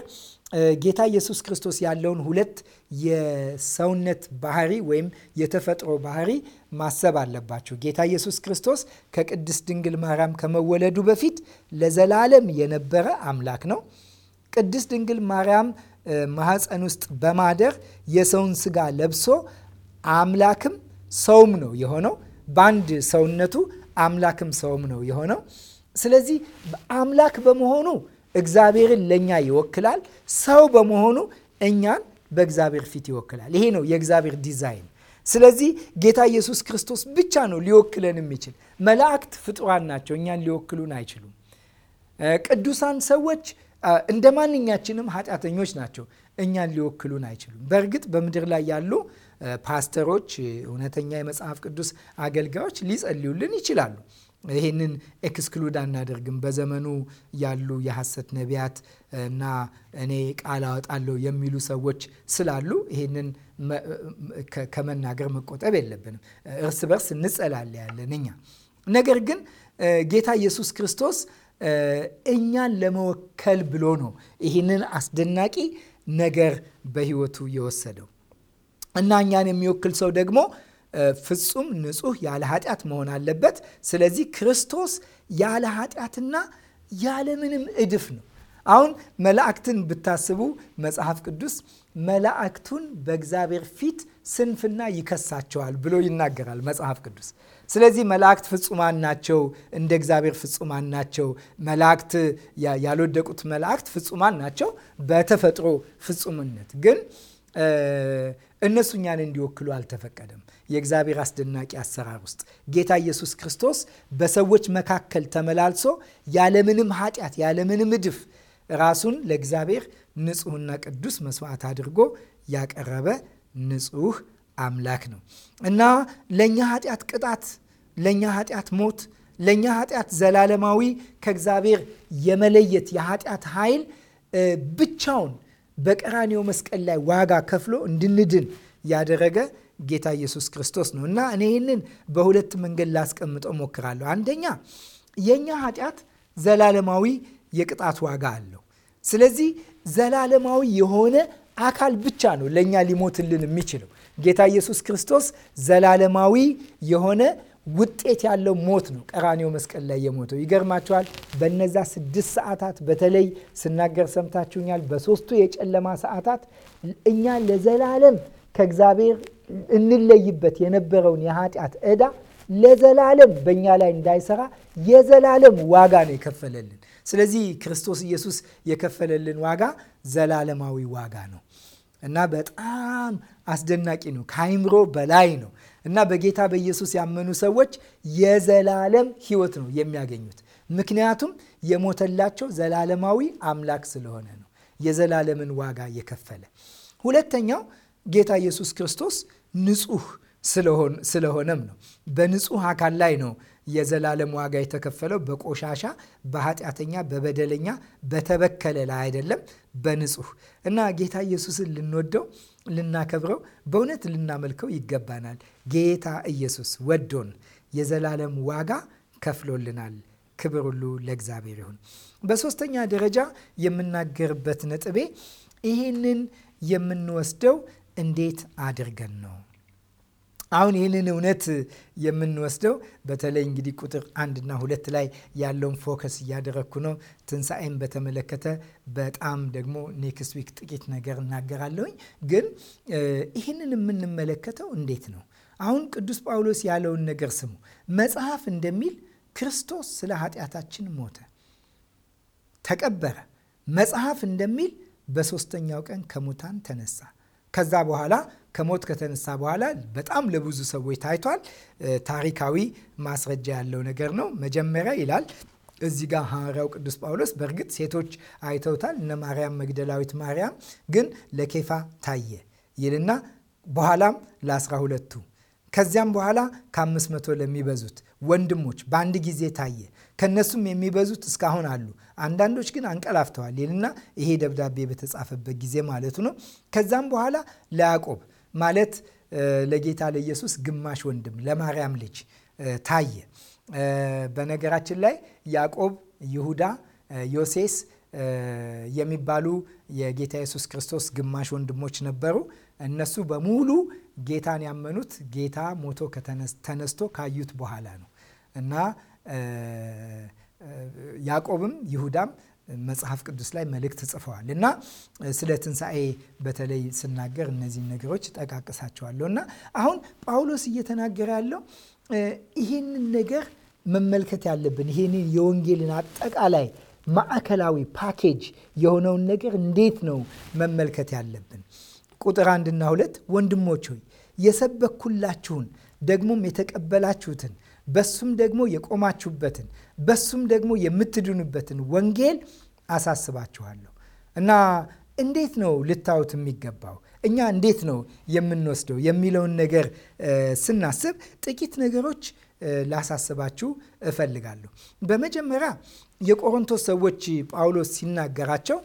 ጌታ ኢየሱስ ክርስቶስ ያለውን ሁለት የሰውነት ባህሪ ወይም የተፈጥሮ ባህሪ ማሰብ አለባቸው። ጌታ ኢየሱስ ክርስቶስ ከቅድስት ድንግል ማርያም ከመወለዱ በፊት ለዘላለም የነበረ አምላክ ነው። ቅድስት ድንግል ማርያም ማህፀን ውስጥ በማደር የሰውን ስጋ ለብሶ አምላክም ሰውም ነው የሆነው። በአንድ ሰውነቱ አምላክም ሰውም ነው የሆነው። ስለዚህ አምላክ በመሆኑ እግዚአብሔርን ለእኛ ይወክላል። ሰው በመሆኑ እኛን በእግዚአብሔር ፊት ይወክላል። ይሄ ነው የእግዚአብሔር ዲዛይን። ስለዚህ ጌታ ኢየሱስ ክርስቶስ ብቻ ነው ሊወክለን የሚችል። መላእክት ፍጡራን ናቸው፣ እኛን ሊወክሉን አይችሉም። ቅዱሳን ሰዎች እንደ ማንኛችንም ኃጢአተኞች ናቸው፣ እኛን ሊወክሉን አይችሉም። በእርግጥ በምድር ላይ ያሉ ፓስተሮች፣ እውነተኛ የመጽሐፍ ቅዱስ አገልጋዮች ሊጸልዩልን ይችላሉ። ይህንን ኤክስክሉድ አናደርግም። በዘመኑ ያሉ የሐሰት ነቢያት እና እኔ ቃል አወጣለሁ የሚሉ ሰዎች ስላሉ ይህንን ከመናገር መቆጠብ የለብንም። እርስ በርስ እንጸላለያለን እኛ ነገር ግን ጌታ ኢየሱስ ክርስቶስ እኛን ለመወከል ብሎ ነው ይህንን አስደናቂ ነገር በህይወቱ የወሰደው እና እኛን የሚወክል ሰው ደግሞ ፍጹም ንጹህ ያለ ኃጢአት መሆን አለበት። ስለዚህ ክርስቶስ ያለ ኃጢአትና ያለምንም እድፍ ነው። አሁን መላእክትን ብታስቡ መጽሐፍ ቅዱስ መላእክቱን በእግዚአብሔር ፊት ስንፍና ይከሳቸዋል ብሎ ይናገራል መጽሐፍ ቅዱስ። ስለዚህ መላእክት ፍጹማን ናቸው፣ እንደ እግዚአብሔር ፍጹማን ናቸው። መላእክት ያልወደቁት መላእክት ፍጹማን ናቸው በተፈጥሮ ፍጹምነት። ግን እነሱ እኛን እንዲወክሉ አልተፈቀደም። የእግዚአብሔር አስደናቂ አሰራር ውስጥ ጌታ ኢየሱስ ክርስቶስ በሰዎች መካከል ተመላልሶ ያለምንም ኃጢአት ያለምንም እድፍ ራሱን ለእግዚአብሔር ንጹህና ቅዱስ መስዋዕት አድርጎ ያቀረበ ንጹህ አምላክ ነው እና ለእኛ ኃጢአት ቅጣት፣ ለእኛ ኃጢአት ሞት፣ ለእኛ ኃጢአት ዘላለማዊ ከእግዚአብሔር የመለየት የኃጢአት ኃይል ብቻውን በቀራኔው መስቀል ላይ ዋጋ ከፍሎ እንድንድን ያደረገ ጌታ ኢየሱስ ክርስቶስ ነው እና እኔ ይህንን በሁለት መንገድ ላስቀምጠው ሞክራለሁ። አንደኛ የእኛ ኃጢአት ዘላለማዊ የቅጣት ዋጋ አለው። ስለዚህ ዘላለማዊ የሆነ አካል ብቻ ነው ለእኛ ሊሞትልን የሚችለው። ጌታ ኢየሱስ ክርስቶስ ዘላለማዊ የሆነ ውጤት ያለው ሞት ነው ቀራኔው መስቀል ላይ የሞተው። ይገርማችኋል፣ በነዛ ስድስት ሰዓታት በተለይ ስናገር ሰምታችሁኛል። በሶስቱ የጨለማ ሰዓታት እኛ ለዘላለም ከእግዚአብሔር እንለይበት የነበረውን የኃጢአት ዕዳ ለዘላለም በእኛ ላይ እንዳይሰራ የዘላለም ዋጋ ነው የከፈለልን። ስለዚህ ክርስቶስ ኢየሱስ የከፈለልን ዋጋ ዘላለማዊ ዋጋ ነው እና በጣም አስደናቂ ነው፣ ከአይምሮ በላይ ነው እና በጌታ በኢየሱስ ያመኑ ሰዎች የዘላለም ሕይወት ነው የሚያገኙት። ምክንያቱም የሞተላቸው ዘላለማዊ አምላክ ስለሆነ ነው የዘላለምን ዋጋ የከፈለ። ሁለተኛው ጌታ ኢየሱስ ክርስቶስ ንጹህ ስለሆነም ነው። በንጹህ አካል ላይ ነው የዘላለም ዋጋ የተከፈለው። በቆሻሻ በኃጢአተኛ በበደለኛ በተበከለ ላይ አይደለም፣ በንጹህ እና ጌታ ኢየሱስን ልንወደው ልናከብረው፣ በእውነት ልናመልከው ይገባናል። ጌታ ኢየሱስ ወዶን የዘላለም ዋጋ ከፍሎልናል። ክብር ሁሉ ለእግዚአብሔር ይሁን። በሶስተኛ ደረጃ የምናገርበት ነጥቤ ይህንን የምንወስደው እንዴት አድርገን ነው አሁን ይህንን እውነት የምንወስደው በተለይ እንግዲህ ቁጥር አንድና ሁለት ላይ ያለውን ፎከስ እያደረግኩ ነው። ትንሣኤን በተመለከተ በጣም ደግሞ ኔክስት ዊክ ጥቂት ነገር እናገራለሁኝ። ግን ይህንን የምንመለከተው እንዴት ነው? አሁን ቅዱስ ጳውሎስ ያለውን ነገር ስሙ። መጽሐፍ እንደሚል ክርስቶስ ስለ ኃጢአታችን ሞተ፣ ተቀበረ። መጽሐፍ እንደሚል በሶስተኛው ቀን ከሙታን ተነሳ። ከዛ በኋላ ከሞት ከተነሳ በኋላ በጣም ለብዙ ሰዎች ታይቷል። ታሪካዊ ማስረጃ ያለው ነገር ነው። መጀመሪያ ይላል እዚህ ጋር ሐዋርያው ቅዱስ ጳውሎስ በእርግጥ ሴቶች አይተውታል፣ እነ ማርያም መግደላዊት ማርያም ግን ለኬፋ ታየ ይልና በኋላም ለአስራ ሁለቱ ከዚያም በኋላ ከአምስት መቶ ለሚበዙት ወንድሞች በአንድ ጊዜ ታየ። ከነሱም የሚበዙት እስካሁን አሉ። አንዳንዶች ግን አንቀላፍተዋል ይልና ይሄ ደብዳቤ በተጻፈበት ጊዜ ማለቱ ነው። ከዛም በኋላ ለያዕቆብ ማለት ለጌታ ለኢየሱስ ግማሽ ወንድም ለማርያም ልጅ ታየ። በነገራችን ላይ ያዕቆብ፣ ይሁዳ፣ ዮሴስ የሚባሉ የጌታ ኢየሱስ ክርስቶስ ግማሽ ወንድሞች ነበሩ። እነሱ በሙሉ ጌታን ያመኑት ጌታ ሞቶ ተነስቶ ካዩት በኋላ ነው እና ያዕቆብም ይሁዳም መጽሐፍ ቅዱስ ላይ መልእክት ጽፈዋል እና ስለ ትንሣኤ በተለይ ስናገር እነዚህን ነገሮች ጠቃቅሳቸዋለሁ እና አሁን ጳውሎስ እየተናገረ ያለው ይህንን ነገር መመልከት ያለብን ይህንን የወንጌልን አጠቃላይ ማዕከላዊ ፓኬጅ የሆነውን ነገር እንዴት ነው መመልከት ያለብን? ቁጥር አንድና ሁለት ወንድሞች ሆይ የሰበኩላችሁን ደግሞም የተቀበላችሁትን በሱም ደግሞ የቆማችሁበትን በሱም ደግሞ የምትድኑበትን ወንጌል አሳስባችኋለሁ እና እንዴት ነው ልታዩት የሚገባው እኛ እንዴት ነው የምንወስደው የሚለውን ነገር ስናስብ ጥቂት ነገሮች ላሳስባችሁ እፈልጋለሁ። በመጀመሪያ የቆሮንቶስ ሰዎች ጳውሎስ ሲናገራቸው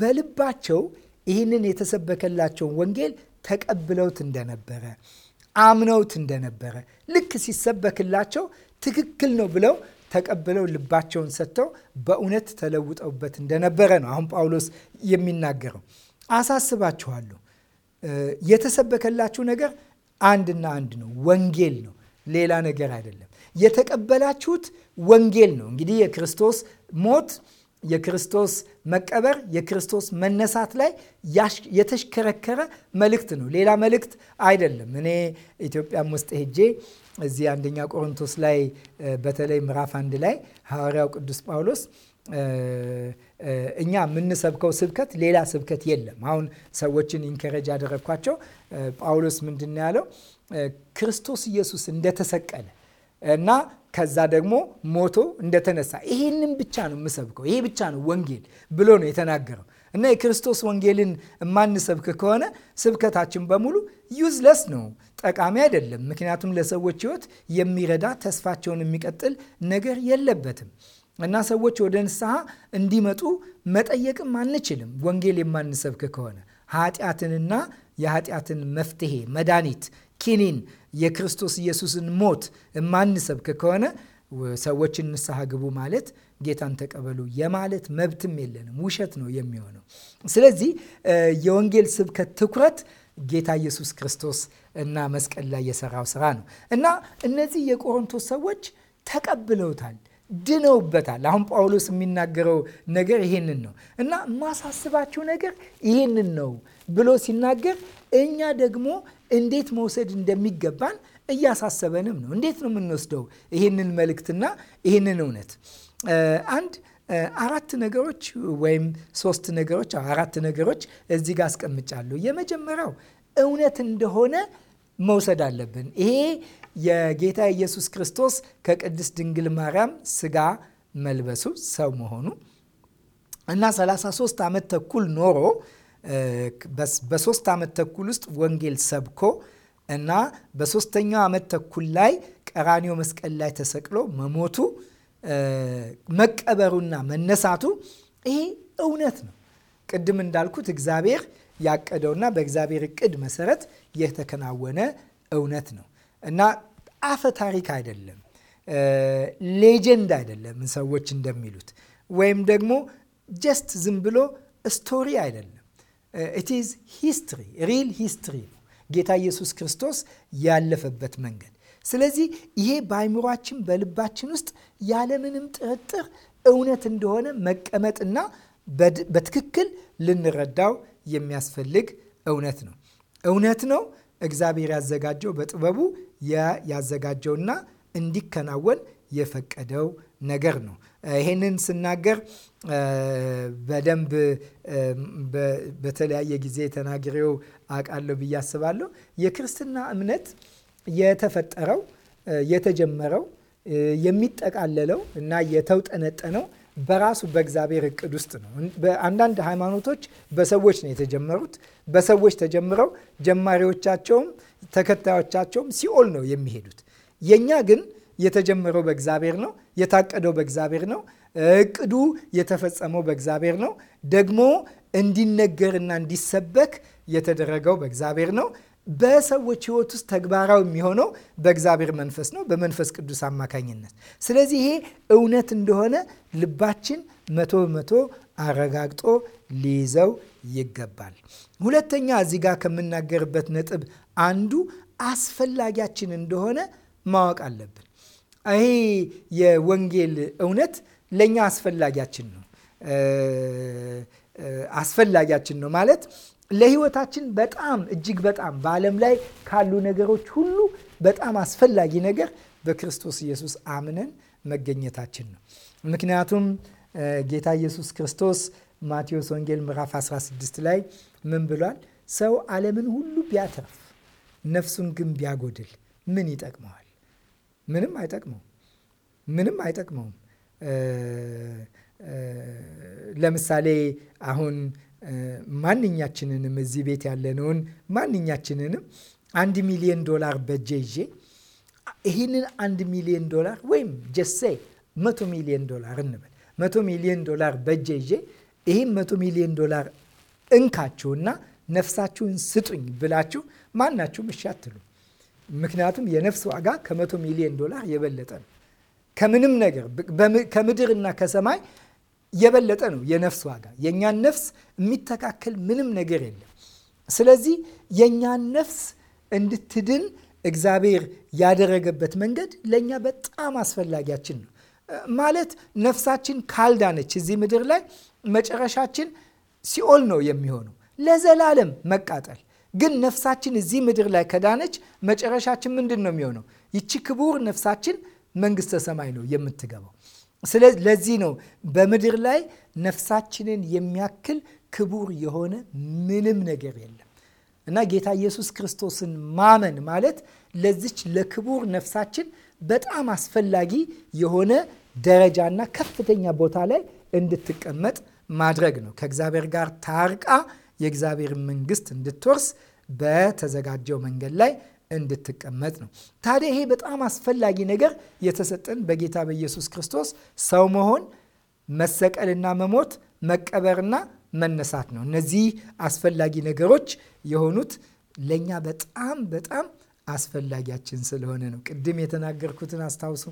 በልባቸው ይህንን የተሰበከላቸውን ወንጌል ተቀብለውት እንደነበረ አምነውት እንደነበረ ልክ ሲሰበክላቸው ትክክል ነው ብለው ተቀብለው ልባቸውን ሰጥተው በእውነት ተለውጠውበት እንደነበረ ነው አሁን ጳውሎስ የሚናገረው። አሳስባችኋለሁ፣ የተሰበከላችሁ ነገር አንድና አንድ ነው፣ ወንጌል ነው፣ ሌላ ነገር አይደለም። የተቀበላችሁት ወንጌል ነው። እንግዲህ የክርስቶስ ሞት የክርስቶስ መቀበር፣ የክርስቶስ መነሳት ላይ የተሽከረከረ መልእክት ነው። ሌላ መልእክት አይደለም። እኔ ኢትዮጵያም ውስጥ ሄጄ እዚህ አንደኛ ቆሮንቶስ ላይ በተለይ ምዕራፍ አንድ ላይ ሐዋርያው ቅዱስ ጳውሎስ እኛ የምንሰብከው ስብከት ሌላ ስብከት የለም። አሁን ሰዎችን ኢንከረጅ ያደረግኳቸው ጳውሎስ ምንድን ያለው ክርስቶስ ኢየሱስ እንደተሰቀለ እና ከዛ ደግሞ ሞቶ እንደተነሳ ይሄንን ብቻ ነው የምሰብከው፣ ይሄ ብቻ ነው ወንጌል ብሎ ነው የተናገረው። እና የክርስቶስ ወንጌልን የማንሰብክ ከሆነ ስብከታችን በሙሉ ዩዝለስ ነው፣ ጠቃሚ አይደለም። ምክንያቱም ለሰዎች ሕይወት የሚረዳ ተስፋቸውን የሚቀጥል ነገር የለበትም። እና ሰዎች ወደ ንስሐ እንዲመጡ መጠየቅም አንችልም። ወንጌል የማንሰብክ ከሆነ ኃጢአትንና የኃጢአትን መፍትሄ መድኃኒት ኪኒን የክርስቶስ ኢየሱስን ሞት የማንሰብክ ከሆነ ሰዎችን ንስሐ ግቡ ማለት ጌታን ተቀበሉ የማለት መብትም የለንም። ውሸት ነው የሚሆነው። ስለዚህ የወንጌል ስብከት ትኩረት ጌታ ኢየሱስ ክርስቶስ እና መስቀል ላይ የሰራው ስራ ነው እና እነዚህ የቆሮንቶስ ሰዎች ተቀብለውታል፣ ድነውበታል። አሁን ጳውሎስ የሚናገረው ነገር ይሄንን ነው እና ማሳስባችሁ ነገር ይሄንን ነው ብሎ ሲናገር እኛ ደግሞ እንዴት መውሰድ እንደሚገባን እያሳሰበንም ነው። እንዴት ነው የምንወስደው ይህንን መልእክትና ይህንን እውነት? አንድ አራት ነገሮች ወይም ሶስት ነገሮች አራት ነገሮች እዚህ ጋር አስቀምጫለሁ። የመጀመሪያው እውነት እንደሆነ መውሰድ አለብን። ይሄ የጌታ ኢየሱስ ክርስቶስ ከቅድስት ድንግል ማርያም ስጋ መልበሱ ሰው መሆኑ እና 33 ዓመት ተኩል ኖሮ በሶስት ዓመት ተኩል ውስጥ ወንጌል ሰብኮ እና በሶስተኛው ዓመት ተኩል ላይ ቀራኒዮ መስቀል ላይ ተሰቅሎ መሞቱ መቀበሩና መነሳቱ ይሄ እውነት ነው። ቅድም እንዳልኩት እግዚአብሔር ያቀደውና በእግዚአብሔር እቅድ መሰረት የተከናወነ እውነት ነው እና አፈ ታሪክ አይደለም፣ ሌጀንድ አይደለም ሰዎች እንደሚሉት ወይም ደግሞ ጀስት ዝም ብሎ ስቶሪ አይደለም። ኢት ኢዝ ሂስትሪ ሪል ሂስትሪ ነው ጌታ ኢየሱስ ክርስቶስ ያለፈበት መንገድ። ስለዚህ ይሄ በአይምሯችን በልባችን ውስጥ ያለምንም ጥርጥር እውነት እንደሆነ መቀመጥና በትክክል ልንረዳው የሚያስፈልግ እውነት ነው። እውነት ነው። እግዚአብሔር ያዘጋጀው በጥበቡ ያዘጋጀውና እንዲከናወን የፈቀደው ነገር ነው። ይሄንን ስናገር በደንብ በተለያየ ጊዜ ተናግሬው አውቃለሁ ብዬ አስባለሁ። የክርስትና እምነት የተፈጠረው የተጀመረው የሚጠቃለለው እና የተውጠነጠነው በራሱ በእግዚአብሔር እቅድ ውስጥ ነው። አንዳንድ ሃይማኖቶች በሰዎች ነው የተጀመሩት። በሰዎች ተጀምረው ጀማሪዎቻቸውም ተከታዮቻቸውም ሲኦል ነው የሚሄዱት። የእኛ ግን የተጀመረው በእግዚአብሔር ነው። የታቀደው በእግዚአብሔር ነው። እቅዱ የተፈጸመው በእግዚአብሔር ነው። ደግሞ እንዲነገርና እንዲሰበክ የተደረገው በእግዚአብሔር ነው። በሰዎች ሕይወት ውስጥ ተግባራዊ የሚሆነው በእግዚአብሔር መንፈስ ነው፣ በመንፈስ ቅዱስ አማካኝነት። ስለዚህ ይሄ እውነት እንደሆነ ልባችን መቶ በመቶ አረጋግጦ ሊይዘው ይገባል። ሁለተኛ እዚህ ጋር ከምናገርበት ነጥብ አንዱ አስፈላጊያችን እንደሆነ ማወቅ አለብን። ይሄ የወንጌል እውነት ለእኛ አስፈላጊያችን ነው። አስፈላጊያችን ነው ማለት ለህይወታችን በጣም እጅግ በጣም በዓለም ላይ ካሉ ነገሮች ሁሉ በጣም አስፈላጊ ነገር በክርስቶስ ኢየሱስ አምነን መገኘታችን ነው። ምክንያቱም ጌታ ኢየሱስ ክርስቶስ ማቴዎስ ወንጌል ምዕራፍ 16 ላይ ምን ብሏል? ሰው ዓለምን ሁሉ ቢያተርፍ ነፍሱን ግን ቢያጎድል ምን ይጠቅመዋል? ምንም አይጠቅመው ምንም አይጠቅመውም። ለምሳሌ አሁን ማንኛችንንም እዚህ ቤት ያለነውን ማንኛችንንም አንድ ሚሊዮን ዶላር በእጄ ይዤ ይህንን አንድ ሚሊዮን ዶላር ወይም ጀሴ መቶ ሚሊዮን ዶላር እንበል መቶ ሚሊዮን ዶላር በእጄ ይዤ ይህም መቶ ሚሊዮን ዶላር እንካችሁና ነፍሳችሁን ስጡኝ ብላችሁ ማናችሁም እሺ ምክንያቱም የነፍስ ዋጋ ከመቶ ሚሊዮን ዶላር የበለጠ ነው። ከምንም ነገር ከምድርና ከሰማይ የበለጠ ነው የነፍስ ዋጋ። የእኛን ነፍስ የሚተካከል ምንም ነገር የለም። ስለዚህ የእኛን ነፍስ እንድትድን እግዚአብሔር ያደረገበት መንገድ ለእኛ በጣም አስፈላጊያችን ነው። ማለት ነፍሳችን ካልዳነች እዚህ ምድር ላይ መጨረሻችን ሲኦል ነው የሚሆነው፣ ለዘላለም መቃጠል ግን ነፍሳችን እዚህ ምድር ላይ ከዳነች መጨረሻችን ምንድን ነው የሚሆነው? ይቺ ክቡር ነፍሳችን መንግስተ ሰማይ ነው የምትገባው። ስለዚህ ለዚህ ነው በምድር ላይ ነፍሳችንን የሚያክል ክቡር የሆነ ምንም ነገር የለም እና ጌታ ኢየሱስ ክርስቶስን ማመን ማለት ለዚች ለክቡር ነፍሳችን በጣም አስፈላጊ የሆነ ደረጃና ከፍተኛ ቦታ ላይ እንድትቀመጥ ማድረግ ነው። ከእግዚአብሔር ጋር ታርቃ የእግዚአብሔር መንግስት እንድትወርስ በተዘጋጀው መንገድ ላይ እንድትቀመጥ ነው። ታዲያ ይሄ በጣም አስፈላጊ ነገር የተሰጠን በጌታ በኢየሱስ ክርስቶስ ሰው መሆን፣ መሰቀልና መሞት፣ መቀበርና መነሳት ነው። እነዚህ አስፈላጊ ነገሮች የሆኑት ለእኛ በጣም በጣም አስፈላጊያችን ስለሆነ ነው። ቅድም የተናገርኩትን አስታውሱ።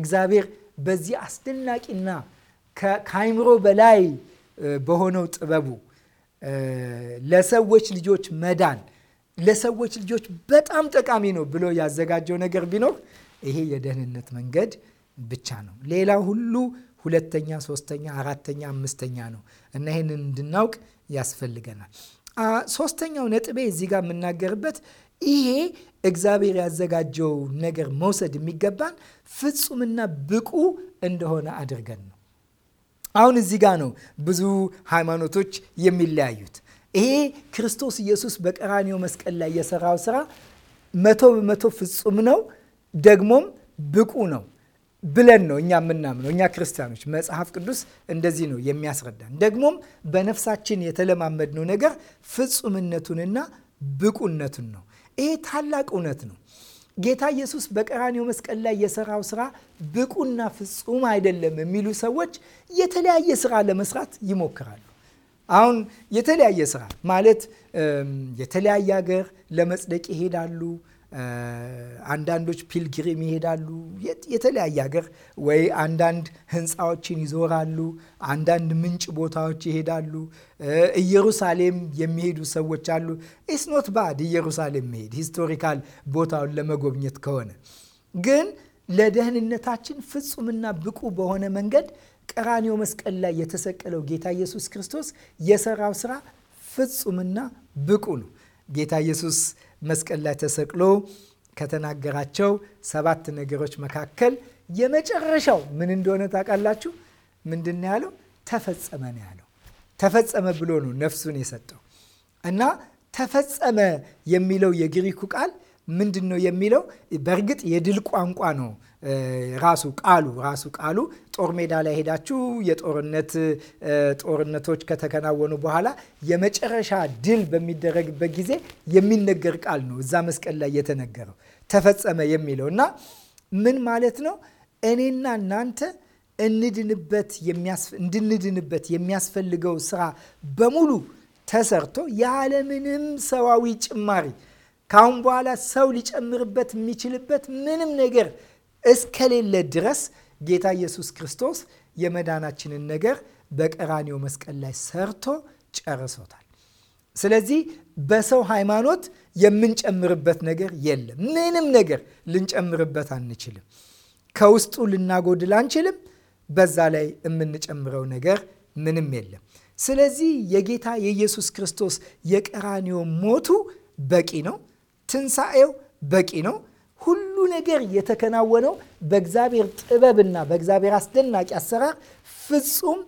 እግዚአብሔር በዚህ አስደናቂና ከአይምሮ በላይ በሆነው ጥበቡ ለሰዎች ልጆች መዳን ለሰዎች ልጆች በጣም ጠቃሚ ነው ብሎ ያዘጋጀው ነገር ቢኖር ይሄ የደህንነት መንገድ ብቻ ነው። ሌላ ሁሉ ሁለተኛ፣ ሶስተኛ፣ አራተኛ፣ አምስተኛ ነው እና ይህን እንድናውቅ ያስፈልገናል። ሶስተኛው ነጥቤ እዚህ ጋር የምናገርበት ይሄ እግዚአብሔር ያዘጋጀው ነገር መውሰድ የሚገባን ፍጹምና ብቁ እንደሆነ አድርገን ነው። አሁን እዚህ ጋር ነው ብዙ ሃይማኖቶች የሚለያዩት። ይሄ ክርስቶስ ኢየሱስ በቀራኒው መስቀል ላይ የሰራው ስራ መቶ በመቶ ፍጹም ነው፣ ደግሞም ብቁ ነው ብለን ነው እኛ የምናምነው እኛ ክርስቲያኖች። መጽሐፍ ቅዱስ እንደዚህ ነው የሚያስረዳን። ደግሞም በነፍሳችን የተለማመድነው ነገር ፍጹምነቱንና ብቁነቱን ነው። ይሄ ታላቅ እውነት ነው። ጌታ ኢየሱስ በቀራኔው መስቀል ላይ የሰራው ስራ ብቁና ፍጹም አይደለም የሚሉ ሰዎች የተለያየ ስራ ለመስራት ይሞክራሉ። አሁን የተለያየ ስራ ማለት የተለያየ ሀገር ለመጽደቅ ይሄዳሉ። አንዳንዶች ፒልግሪም ይሄዳሉ፣ የተለያየ ሀገር ወይ አንዳንድ ህንፃዎችን ይዞራሉ፣ አንዳንድ ምንጭ ቦታዎች ይሄዳሉ። ኢየሩሳሌም የሚሄዱ ሰዎች አሉ። ኢስኖት ባድ ኢየሩሳሌም መሄድ ሂስቶሪካል ቦታውን ለመጎብኘት ከሆነ ግን ለደህንነታችን ፍጹምና ብቁ በሆነ መንገድ ቀራንዮ መስቀል ላይ የተሰቀለው ጌታ ኢየሱስ ክርስቶስ የሰራው ስራ ፍጹምና ብቁ ነው። ጌታ ኢየሱስ መስቀል ላይ ተሰቅሎ ከተናገራቸው ሰባት ነገሮች መካከል የመጨረሻው ምን እንደሆነ ታውቃላችሁ? ምንድን ነው ያለው? ተፈጸመ ነው ያለው። ተፈጸመ ብሎ ነው ነፍሱን የሰጠው እና ተፈጸመ የሚለው የግሪኩ ቃል ምንድን ነው የሚለው? በእርግጥ የድል ቋንቋ ነው ራሱ ቃሉ ራሱ ቃሉ ጦር ሜዳ ላይ ሄዳችሁ የጦርነት ጦርነቶች ከተከናወኑ በኋላ የመጨረሻ ድል በሚደረግበት ጊዜ የሚነገር ቃል ነው። እዛ መስቀል ላይ የተነገረው ተፈጸመ የሚለው እና ምን ማለት ነው? እኔና እናንተ እንድንበት እንድንድንበት የሚያስፈልገው ስራ በሙሉ ተሰርቶ ያለምንም ሰዋዊ ጭማሪ ከአሁን በኋላ ሰው ሊጨምርበት የሚችልበት ምንም ነገር እስከሌለ ድረስ ጌታ ኢየሱስ ክርስቶስ የመዳናችንን ነገር በቀራኔው መስቀል ላይ ሰርቶ ጨርሶታል። ስለዚህ በሰው ሃይማኖት የምንጨምርበት ነገር የለም። ምንም ነገር ልንጨምርበት አንችልም። ከውስጡ ልናጎድል አንችልም። በዛ ላይ የምንጨምረው ነገር ምንም የለም። ስለዚህ የጌታ የኢየሱስ ክርስቶስ የቀራንዮ ሞቱ በቂ ነው። ትንሣኤው በቂ ነው። ሁሉ ነገር የተከናወነው በእግዚአብሔር ጥበብና በእግዚአብሔር አስደናቂ አሰራር ፍጹም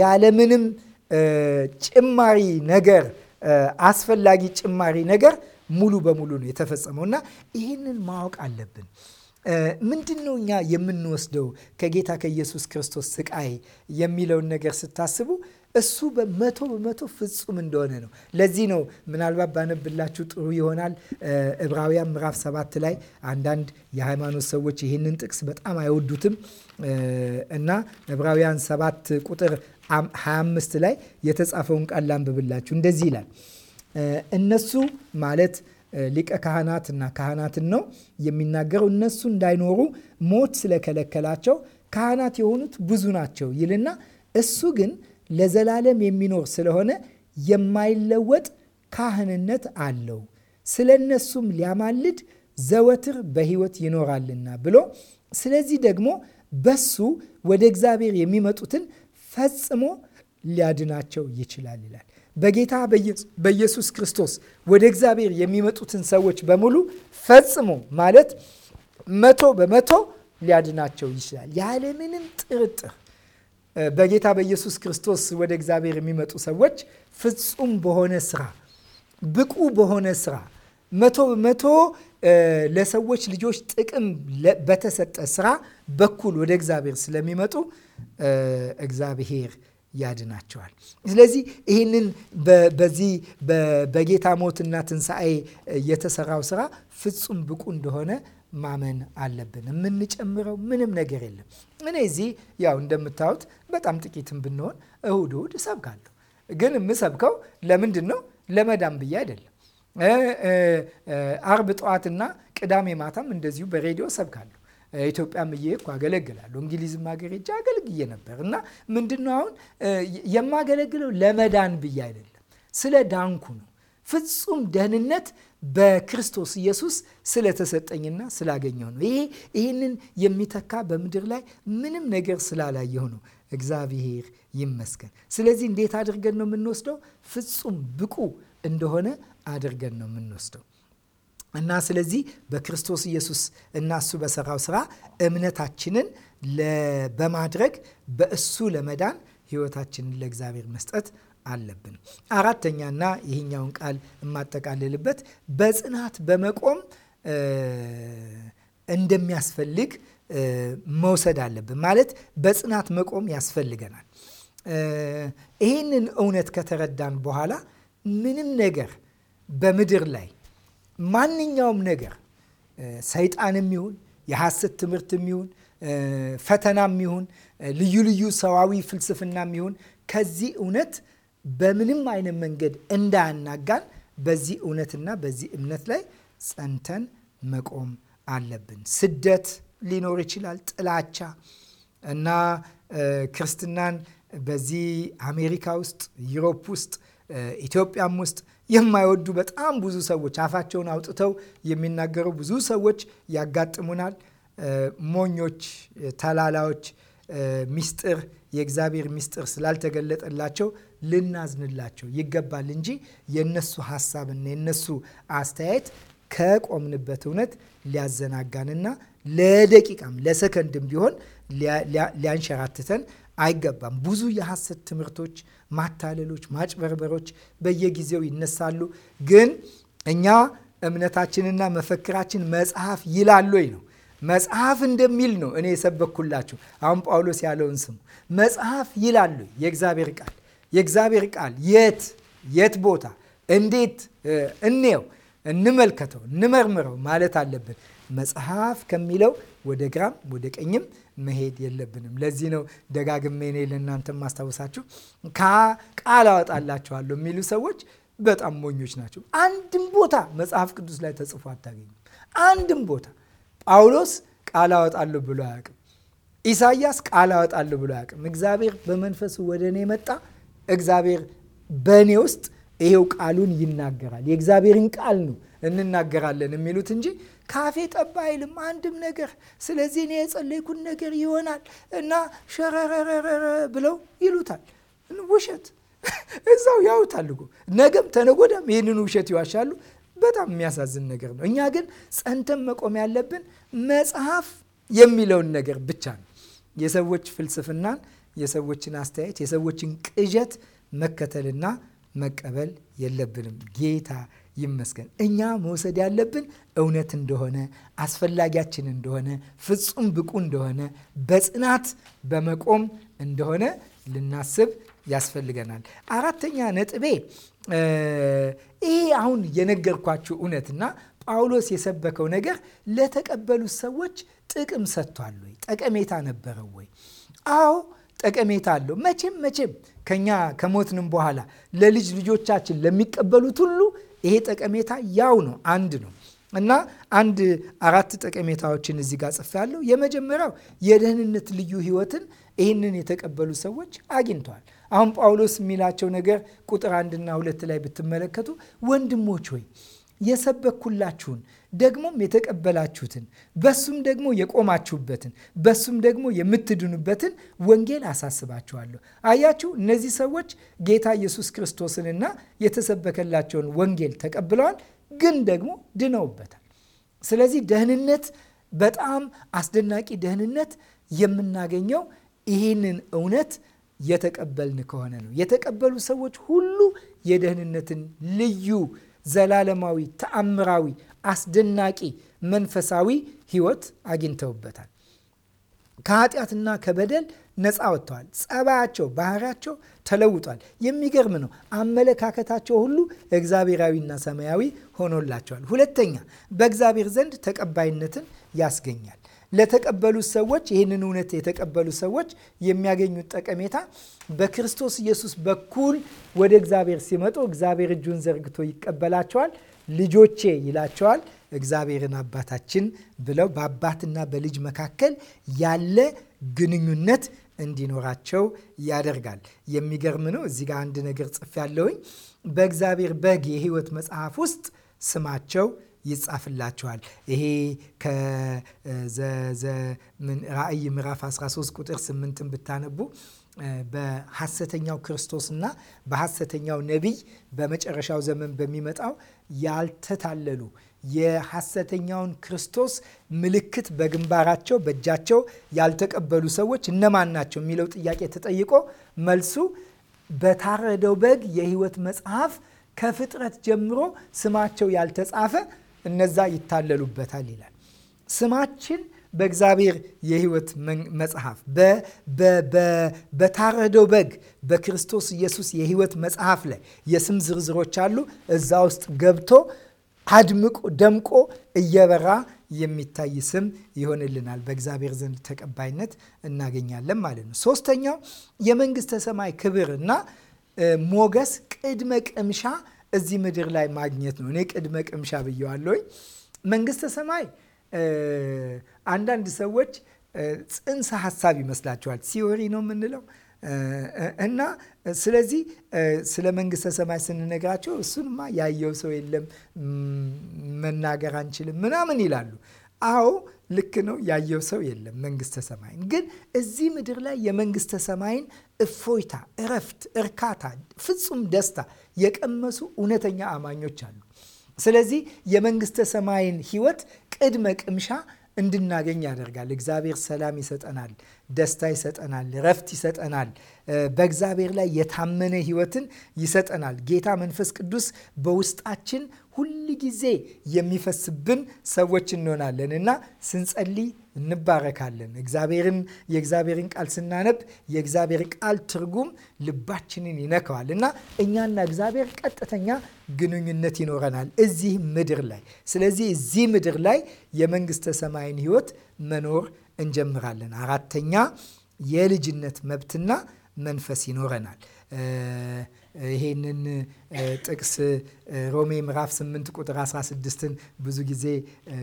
ያለምንም ጭማሪ ነገር አስፈላጊ ጭማሪ ነገር ሙሉ በሙሉ ነው የተፈጸመው እና ይህንን ማወቅ አለብን። ምንድን ነው እኛ የምንወስደው ከጌታ ከኢየሱስ ክርስቶስ ስቃይ የሚለውን ነገር ስታስቡ እሱ በመቶ በመቶ ፍጹም እንደሆነ ነው። ለዚህ ነው ምናልባት ባነብላችሁ ጥሩ ይሆናል። ዕብራውያን ምዕራፍ ሰባት ላይ አንዳንድ የሃይማኖት ሰዎች ይህንን ጥቅስ በጣም አይወዱትም እና ዕብራውያን ሰባት ቁጥር 25 ላይ የተጻፈውን ቃል ላንብብላችሁ። እንደዚህ ይላል እነሱ ማለት ሊቀ ካህናት እና ካህናትን ነው የሚናገረው። እነሱ እንዳይኖሩ ሞት ስለከለከላቸው ካህናት የሆኑት ብዙ ናቸው ይልና እሱ ግን ለዘላለም የሚኖር ስለሆነ የማይለወጥ ካህንነት አለው፣ ስለ እነሱም ሊያማልድ ዘወትር በሕይወት ይኖራልና ብሎ ስለዚህ ደግሞ በሱ ወደ እግዚአብሔር የሚመጡትን ፈጽሞ ሊያድናቸው ይችላል ይላል። በጌታ በኢየሱስ ክርስቶስ ወደ እግዚአብሔር የሚመጡትን ሰዎች በሙሉ ፈጽሞ ማለት መቶ በመቶ ሊያድናቸው ይችላል ያለምንም ጥርጥር። በጌታ በኢየሱስ ክርስቶስ ወደ እግዚአብሔር የሚመጡ ሰዎች ፍጹም በሆነ ስራ፣ ብቁ በሆነ ስራ፣ መቶ በመቶ ለሰዎች ልጆች ጥቅም በተሰጠ ስራ በኩል ወደ እግዚአብሔር ስለሚመጡ እግዚአብሔር ያድናቸዋል። ስለዚህ ይህንን በዚህ በጌታ ሞትና ትንሣኤ የተሰራው ስራ ፍጹም ብቁ እንደሆነ ማመን አለብን። የምንጨምረው ምንም ነገር የለም። እኔ እዚህ ያው እንደምታዩት በጣም ጥቂትም ብንሆን እሁድ እሁድ እሰብካለሁ። ግን የምሰብከው ለምንድን ነው? ለመዳን ብዬ አይደለም። አርብ ጠዋትና ቅዳሜ ማታም እንደዚሁ በሬዲዮ ሰብካለሁ። ኢትዮጵያም እየሄድኩ አገለግላለሁ። እንግሊዝም ሀገር ሄጄ አገልግዬ ነበር እና ምንድን ነው አሁን የማገለግለው ለመዳን ብዬ አይደለም፣ ስለ ዳንኩ ነው። ፍጹም ደህንነት በክርስቶስ ኢየሱስ ስለተሰጠኝና ስላገኘው ነው። ይሄ ይህንን የሚተካ በምድር ላይ ምንም ነገር ስላላየሁ ነው። እግዚአብሔር ይመስገን። ስለዚህ እንዴት አድርገን ነው የምንወስደው? ፍጹም ብቁ እንደሆነ አድርገን ነው የምንወስደው እና ስለዚህ በክርስቶስ ኢየሱስ እና እሱ በሰራው ስራ እምነታችንን በማድረግ በእሱ ለመዳን ህይወታችንን ለእግዚአብሔር መስጠት አለብን። አራተኛና ይህኛውን ቃል የማጠቃልልበት በጽናት በመቆም እንደሚያስፈልግ መውሰድ አለብን። ማለት በጽናት መቆም ያስፈልገናል። ይህንን እውነት ከተረዳን በኋላ ምንም ነገር በምድር ላይ ማንኛውም ነገር ሰይጣንም ይሁን የሐሰት ትምህርትም ይሁን ፈተናም ይሁን ልዩ ልዩ ሰዋዊ ፍልስፍናም ይሁን ከዚህ እውነት በምንም አይነት መንገድ እንዳያናጋን በዚህ እውነትና በዚህ እምነት ላይ ጸንተን መቆም አለብን። ስደት ሊኖር ይችላል፣ ጥላቻ እና ክርስትናን በዚህ አሜሪካ ውስጥ፣ ዩሮፕ ውስጥ፣ ኢትዮጵያም ውስጥ የማይወዱ በጣም ብዙ ሰዎች አፋቸውን አውጥተው የሚናገሩ ብዙ ሰዎች ያጋጥሙናል። ሞኞች፣ ተላላዎች ሚስጥር የእግዚአብሔር ምስጢር ስላልተገለጠላቸው ልናዝንላቸው ይገባል እንጂ የእነሱ ሀሳብና የእነሱ አስተያየት ከቆምንበት እውነት ሊያዘናጋንና ለደቂቃም ለሰከንድም ቢሆን ሊያንሸራትተን አይገባም። ብዙ የሐሰት ትምህርቶች፣ ማታለሎች፣ ማጭበርበሮች በየጊዜው ይነሳሉ። ግን እኛ እምነታችንና መፈክራችን መጽሐፍ ይላል ወይ ነው። መጽሐፍ እንደሚል ነው እኔ የሰበኩላችሁ። አሁን ጳውሎስ ያለውን ስሙ። መጽሐፍ ይላሉ የእግዚአብሔር ቃል የእግዚአብሔር ቃል የት የት ቦታ እንዴት እንየው፣ እንመልከተው፣ እንመርምረው ማለት አለብን። መጽሐፍ ከሚለው ወደ ግራም ወደ ቀኝም መሄድ የለብንም። ለዚህ ነው ደጋግሜ እኔ ለእናንተ ማስታወሳችሁ ቃል አወጣላችኋለሁ የሚሉ ሰዎች በጣም ሞኞች ናቸው። አንድም ቦታ መጽሐፍ ቅዱስ ላይ ተጽፎ አታገኙም። አንድም ቦታ ጳውሎስ ቃል አወጣለሁ ብሎ አያውቅም። ኢሳያስ ቃል አወጣለሁ ብሎ አያውቅም። እግዚአብሔር በመንፈሱ ወደ እኔ መጣ እግዚአብሔር በእኔ ውስጥ ይሄው ቃሉን ይናገራል። የእግዚአብሔርን ቃል ነው እንናገራለን የሚሉት እንጂ ካፌ ጠባ አይልም አንድም ነገር። ስለዚህ እኔ የጸለይኩን ነገር ይሆናል እና ሸረረረረ ብለው ይሉታል። ውሸት እዛው ያዩታል እኮ ነገም ተነጎዳም ይህንን ውሸት ይዋሻሉ። በጣም የሚያሳዝን ነገር ነው። እኛ ግን ጸንተን መቆም ያለብን መጽሐፍ የሚለውን ነገር ብቻ ነው የሰዎች ፍልስፍናን የሰዎችን አስተያየት፣ የሰዎችን ቅዠት መከተልና መቀበል የለብንም። ጌታ ይመስገን። እኛ መውሰድ ያለብን እውነት እንደሆነ፣ አስፈላጊያችን እንደሆነ፣ ፍጹም ብቁ እንደሆነ፣ በጽናት በመቆም እንደሆነ ልናስብ ያስፈልገናል። አራተኛ ነጥቤ ይሄ አሁን የነገርኳችሁ እውነትና ጳውሎስ የሰበከው ነገር ለተቀበሉት ሰዎች ጥቅም ሰጥቷል ወይ? ጠቀሜታ ነበረው ወይ? አዎ ጠቀሜታ አለው። መቼም መቼም ከኛ ከሞትንም በኋላ ለልጅ ልጆቻችን ለሚቀበሉት ሁሉ ይሄ ጠቀሜታ ያው ነው፣ አንድ ነው እና አንድ አራት ጠቀሜታዎችን እዚህ ጋር ጽፌያለሁ። የመጀመሪያው የደህንነት ልዩ ህይወትን ይህንን የተቀበሉ ሰዎች አግኝተዋል። አሁን ጳውሎስ የሚላቸው ነገር ቁጥር አንድና ሁለት ላይ ብትመለከቱ ወንድሞች ሆይ የሰበኩላችሁን ደግሞም የተቀበላችሁትን በሱም ደግሞ የቆማችሁበትን በሱም ደግሞ የምትድኑበትን ወንጌል አሳስባችኋለሁ። አያችሁ፣ እነዚህ ሰዎች ጌታ ኢየሱስ ክርስቶስንና የተሰበከላቸውን ወንጌል ተቀብለዋል፣ ግን ደግሞ ድነውበታል። ስለዚህ ደህንነት፣ በጣም አስደናቂ ደህንነት የምናገኘው ይህንን እውነት የተቀበልን ከሆነ ነው። የተቀበሉ ሰዎች ሁሉ የደህንነትን ልዩ ዘላለማዊ፣ ተአምራዊ፣ አስደናቂ መንፈሳዊ ህይወት አግኝተውበታል። ከኃጢአትና ከበደል ነፃ ወጥተዋል። ጸባያቸው፣ ባህሪያቸው ተለውጧል። የሚገርም ነው። አመለካከታቸው ሁሉ እግዚአብሔራዊና ሰማያዊ ሆኖላቸዋል። ሁለተኛ በእግዚአብሔር ዘንድ ተቀባይነትን ያስገኛል። ለተቀበሉት ሰዎች ይህንን እውነት የተቀበሉ ሰዎች የሚያገኙት ጠቀሜታ በክርስቶስ ኢየሱስ በኩል ወደ እግዚአብሔር ሲመጡ እግዚአብሔር እጁን ዘርግቶ ይቀበላቸዋል። ልጆቼ ይላቸዋል። እግዚአብሔርን አባታችን ብለው በአባትና በልጅ መካከል ያለ ግንኙነት እንዲኖራቸው ያደርጋል። የሚገርም ነው። እዚህ ጋር አንድ ነገር ጽፌ ያለውኝ በእግዚአብሔር በግ የህይወት መጽሐፍ ውስጥ ስማቸው ይጻፍላቸዋል። ይሄ ራእይ ምዕራፍ 13 ቁጥር 8ን ብታነቡ በሐሰተኛው ክርስቶስና በሐሰተኛው ነቢይ በመጨረሻው ዘመን በሚመጣው ያልተታለሉ የሐሰተኛውን ክርስቶስ ምልክት በግንባራቸው በእጃቸው ያልተቀበሉ ሰዎች እነማን ናቸው የሚለው ጥያቄ ተጠይቆ መልሱ በታረደው በግ የሕይወት መጽሐፍ ከፍጥረት ጀምሮ ስማቸው ያልተጻፈ እነዛ ይታለሉበታል ይላል። ስማችን በእግዚአብሔር የህይወት መጽሐፍ በታረደው በግ በክርስቶስ ኢየሱስ የህይወት መጽሐፍ ላይ የስም ዝርዝሮች አሉ። እዛ ውስጥ ገብቶ አድምቆ ደምቆ እየበራ የሚታይ ስም ይሆንልናል። በእግዚአብሔር ዘንድ ተቀባይነት እናገኛለን ማለት ነው። ሶስተኛው የመንግስተ ሰማይ ክብር እና ሞገስ ቅድመ ቅምሻ እዚህ ምድር ላይ ማግኘት ነው። እኔ ቅድመ ቅምሻ ብየዋለሁኝ። መንግስተ ሰማይ አንዳንድ ሰዎች ጽንሰ ሀሳብ ይመስላችኋል። ሲዮሪ ነው የምንለው እና ስለዚህ ስለ መንግስተ ሰማይ ስንነግራቸው እሱንማ ያየው ሰው የለም መናገር አንችልም ምናምን ይላሉ። አዎ ልክ ነው። ያየው ሰው የለም መንግስተ ሰማይን። ግን እዚህ ምድር ላይ የመንግስተ ሰማይን እፎይታ፣ እረፍት፣ እርካታ፣ ፍጹም ደስታ የቀመሱ እውነተኛ አማኞች አሉ። ስለዚህ የመንግስተ ሰማይን ህይወት ቅድመ ቅምሻ እንድናገኝ ያደርጋል። እግዚአብሔር ሰላም ይሰጠናል። ደስታ ይሰጠናል፣ ረፍት ይሰጠናል፣ በእግዚአብሔር ላይ የታመነ ህይወትን ይሰጠናል። ጌታ መንፈስ ቅዱስ በውስጣችን ሁል ጊዜ የሚፈስብን ሰዎች እንሆናለን እና ስንጸልይ እንባረካለን። እግዚአብሔርን የእግዚአብሔርን ቃል ስናነብ የእግዚአብሔር ቃል ትርጉም ልባችንን ይነካዋል እና እኛና እግዚአብሔር ቀጥተኛ ግንኙነት ይኖረናል እዚህ ምድር ላይ። ስለዚህ እዚህ ምድር ላይ የመንግስተ ሰማይን ህይወት መኖር እንጀምራለን። አራተኛ የልጅነት መብትና መንፈስ ይኖረናል። ይሄንን ጥቅስ ሮሜ ምዕራፍ 8 ቁጥር 16ን ብዙ ጊዜ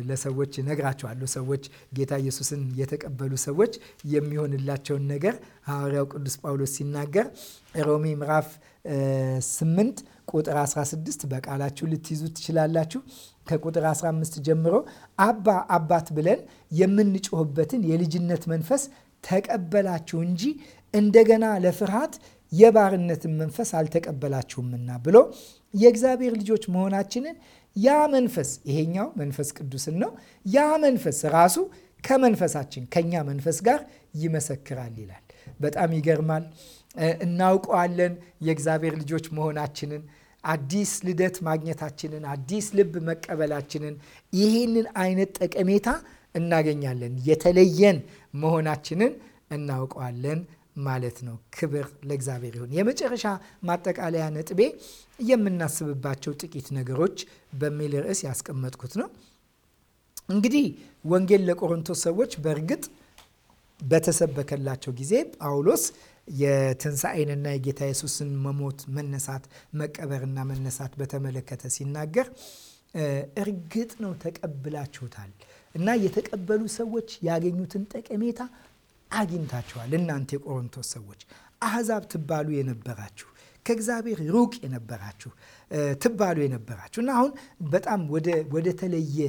ለሰዎች ነግራቸዋለሁ። ሰዎች ጌታ ኢየሱስን የተቀበሉ ሰዎች የሚሆንላቸውን ነገር ሐዋርያው ቅዱስ ጳውሎስ ሲናገር ሮሜ ምዕራፍ 8 ቁጥር 16 በቃላችሁ ልትይዙ ትችላላችሁ። ከቁጥር 15 ጀምሮ አባ አባት ብለን የምንጮህበትን የልጅነት መንፈስ ተቀበላችሁ እንጂ እንደገና ለፍርሃት የባርነትን መንፈስ አልተቀበላችሁምና ብሎ የእግዚአብሔር ልጆች መሆናችንን ያ መንፈስ ይሄኛው መንፈስ ቅዱስን ነው። ያ መንፈስ ራሱ ከመንፈሳችን ከኛ መንፈስ ጋር ይመሰክራል ይላል። በጣም ይገርማል። እናውቀዋለን የእግዚአብሔር ልጆች መሆናችንን አዲስ ልደት ማግኘታችንን፣ አዲስ ልብ መቀበላችንን፣ ይህንን አይነት ጠቀሜታ እናገኛለን። የተለየን መሆናችንን እናውቀዋለን ማለት ነው። ክብር ለእግዚአብሔር ይሁን። የመጨረሻ ማጠቃለያ ነጥቤ የምናስብባቸው ጥቂት ነገሮች በሚል ርዕስ ያስቀመጥኩት ነው። እንግዲህ ወንጌል ለቆሮንቶስ ሰዎች በእርግጥ በተሰበከላቸው ጊዜ ጳውሎስ የትንሣኤንና የጌታ ኢየሱስን መሞት፣ መነሳት፣ መቀበርና መነሳት በተመለከተ ሲናገር እርግጥ ነው ተቀብላችሁታል እና የተቀበሉ ሰዎች ያገኙትን ጠቀሜታ አግኝታችኋል። እናንተ የቆሮንቶስ ሰዎች አሕዛብ ትባሉ የነበራችሁ ከእግዚአብሔር ሩቅ የነበራችሁ ትባሉ የነበራችሁ እና አሁን በጣም ወደ ተለየ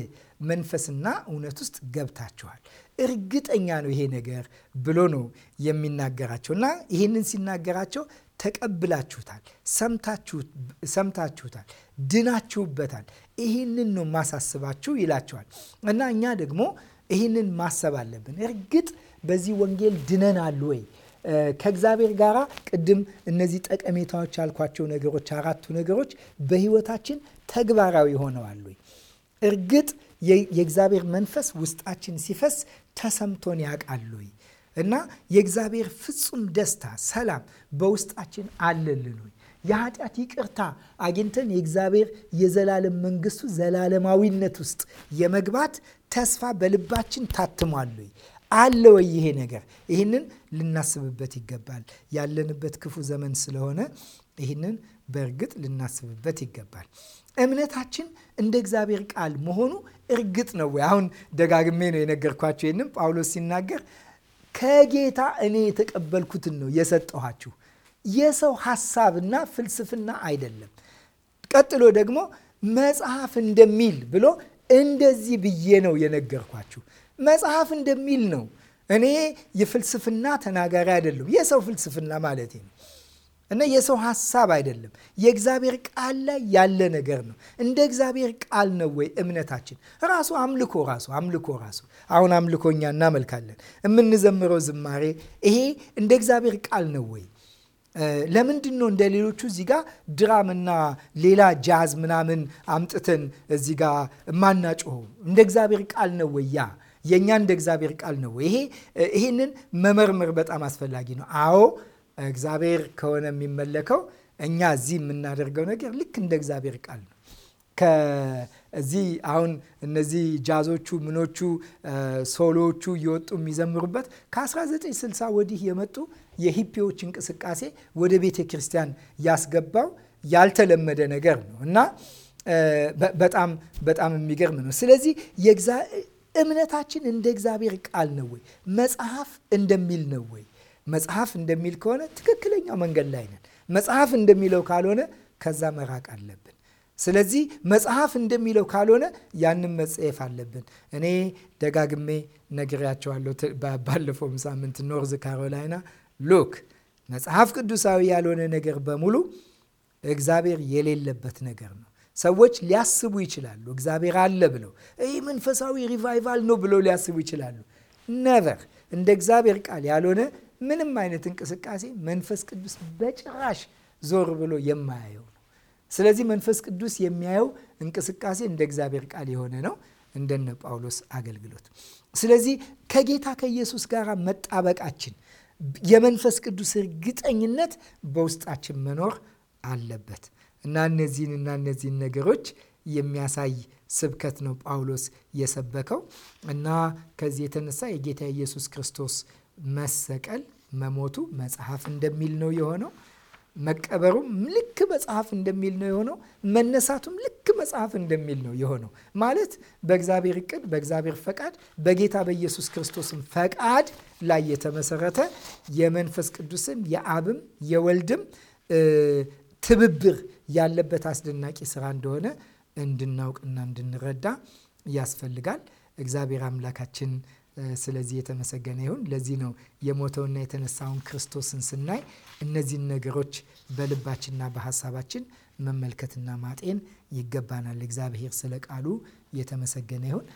መንፈስና እውነት ውስጥ ገብታችኋል። እርግጠኛ ነው ይሄ ነገር ብሎ ነው የሚናገራቸው እና ይህንን ሲናገራቸው ተቀብላችሁታል፣ ሰምታችሁታል፣ ድናችሁበታል። ይህንን ነው ማሳስባችሁ ይላቸዋል። እና እኛ ደግሞ ይህንን ማሰብ አለብን። እርግጥ በዚህ ወንጌል ድነናል ወይ? ከእግዚአብሔር ጋር ቅድም እነዚህ ጠቀሜታዎች ያልኳቸው ነገሮች አራቱ ነገሮች በህይወታችን ተግባራዊ ሆነዋል ወይ? እርግጥ የእግዚአብሔር መንፈስ ውስጣችን ሲፈስ ተሰምቶን ያውቃል ወይ? እና የእግዚአብሔር ፍጹም ደስታ፣ ሰላም በውስጣችን አለልን ወይ? የኃጢአት ይቅርታ አግኝተን የእግዚአብሔር የዘላለም መንግስቱ ዘላለማዊነት ውስጥ የመግባት ተስፋ በልባችን ታትሟል ወይ? አለ ወይ ይሄ ነገር? ይህንን ልናስብበት ይገባል። ያለንበት ክፉ ዘመን ስለሆነ ይህንን በእርግጥ ልናስብበት ይገባል። እምነታችን እንደ እግዚአብሔር ቃል መሆኑ እርግጥ ነው ወይ? አሁን ደጋግሜ ነው የነገርኳቸው። ይህንም ጳውሎስ ሲናገር ከጌታ እኔ የተቀበልኩትን ነው የሰጠኋችሁ፣ የሰው ሀሳብና ፍልስፍና አይደለም። ቀጥሎ ደግሞ መጽሐፍ እንደሚል ብሎ እንደዚህ ብዬ ነው የነገርኳችሁ። መጽሐፍ እንደሚል ነው። እኔ የፍልስፍና ተናጋሪ አይደለም፣ የሰው ፍልስፍና ማለት ነው እና የሰው ሀሳብ አይደለም። የእግዚአብሔር ቃል ላይ ያለ ነገር ነው። እንደ እግዚአብሔር ቃል ነው ወይ እምነታችን? ራሱ አምልኮ ራሱ አምልኮ ራሱ አሁን አምልኮኛ እናመልካለን። የምንዘምረው ዝማሬ ይሄ እንደ እግዚአብሔር ቃል ነው ወይ? ለምንድን ነው እንደ ሌሎቹ እዚህ ጋ ድራምና ሌላ ጃዝ ምናምን አምጥተን እዚህ ጋ ማናጮሆ? እንደ እግዚአብሔር ቃል ነው ወይ ያ የእኛ እንደ እግዚአብሔር ቃል ነው ወይ? ይህንን መመርመር በጣም አስፈላጊ ነው። አዎ እግዚአብሔር ከሆነ የሚመለከው እኛ እዚህ የምናደርገው ነገር ልክ እንደ እግዚአብሔር ቃል ነው። ከዚህ አሁን እነዚህ ጃዞቹ ምኖቹ ሶሎዎቹ እየወጡ የሚዘምሩበት ከ1960 ወዲህ የመጡ የሂፒዎች እንቅስቃሴ ወደ ቤተ ክርስቲያን ያስገባው ያልተለመደ ነገር ነው እና በጣም በጣም የሚገርም ነው። ስለዚህ እምነታችን እንደ እግዚአብሔር ቃል ነው ወይ? መጽሐፍ እንደሚል ነው ወይ? መጽሐፍ እንደሚል ከሆነ ትክክለኛው መንገድ ላይ ነን። መጽሐፍ እንደሚለው ካልሆነ ከዛ መራቅ አለብን። ስለዚህ መጽሐፍ እንደሚለው ካልሆነ ያንን መጸየፍ አለብን። እኔ ደጋግሜ ነግሬያቸዋለሁ። ባለፈውም ሳምንት ኖርዝ ካሮላይና ሉክ መጽሐፍ ቅዱሳዊ ያልሆነ ነገር በሙሉ እግዚአብሔር የሌለበት ነገር ነው። ሰዎች ሊያስቡ ይችላሉ፣ እግዚአብሔር አለ ብለው ይህ መንፈሳዊ ሪቫይቫል ነው ብለው ሊያስቡ ይችላሉ። ነቨር እንደ እግዚአብሔር ቃል ያልሆነ ምንም አይነት እንቅስቃሴ መንፈስ ቅዱስ በጭራሽ ዞር ብሎ የማያየው ነው። ስለዚህ መንፈስ ቅዱስ የሚያየው እንቅስቃሴ እንደ እግዚአብሔር ቃል የሆነ ነው፣ እንደነ ጳውሎስ አገልግሎት። ስለዚህ ከጌታ ከኢየሱስ ጋር መጣበቃችን የመንፈስ ቅዱስ እርግጠኝነት በውስጣችን መኖር አለበት እና እነዚህን እና እነዚህን ነገሮች የሚያሳይ ስብከት ነው ጳውሎስ የሰበከው እና ከዚህ የተነሳ የጌታ ኢየሱስ ክርስቶስ መሰቀል መሞቱ መጽሐፍ እንደሚል ነው የሆነው። መቀበሩም ልክ መጽሐፍ እንደሚል ነው የሆነው። መነሳቱም ልክ መጽሐፍ እንደሚል ነው የሆነው። ማለት በእግዚአብሔር እቅድ፣ በእግዚአብሔር ፈቃድ፣ በጌታ በኢየሱስ ክርስቶስም ፈቃድ ላይ የተመሰረተ የመንፈስ ቅዱስም የአብም የወልድም ትብብር ያለበት አስደናቂ ስራ እንደሆነ እንድናውቅና እንድንረዳ ያስፈልጋል። እግዚአብሔር አምላካችን ስለዚህ የተመሰገነ ይሁን። ለዚህ ነው የሞተውና የተነሳውን ክርስቶስን ስናይ እነዚህን ነገሮች በልባችንና በሀሳባችን መመልከትና ማጤን ይገባናል። እግዚአብሔር ስለ ቃሉ የተመሰገነ ይሁን።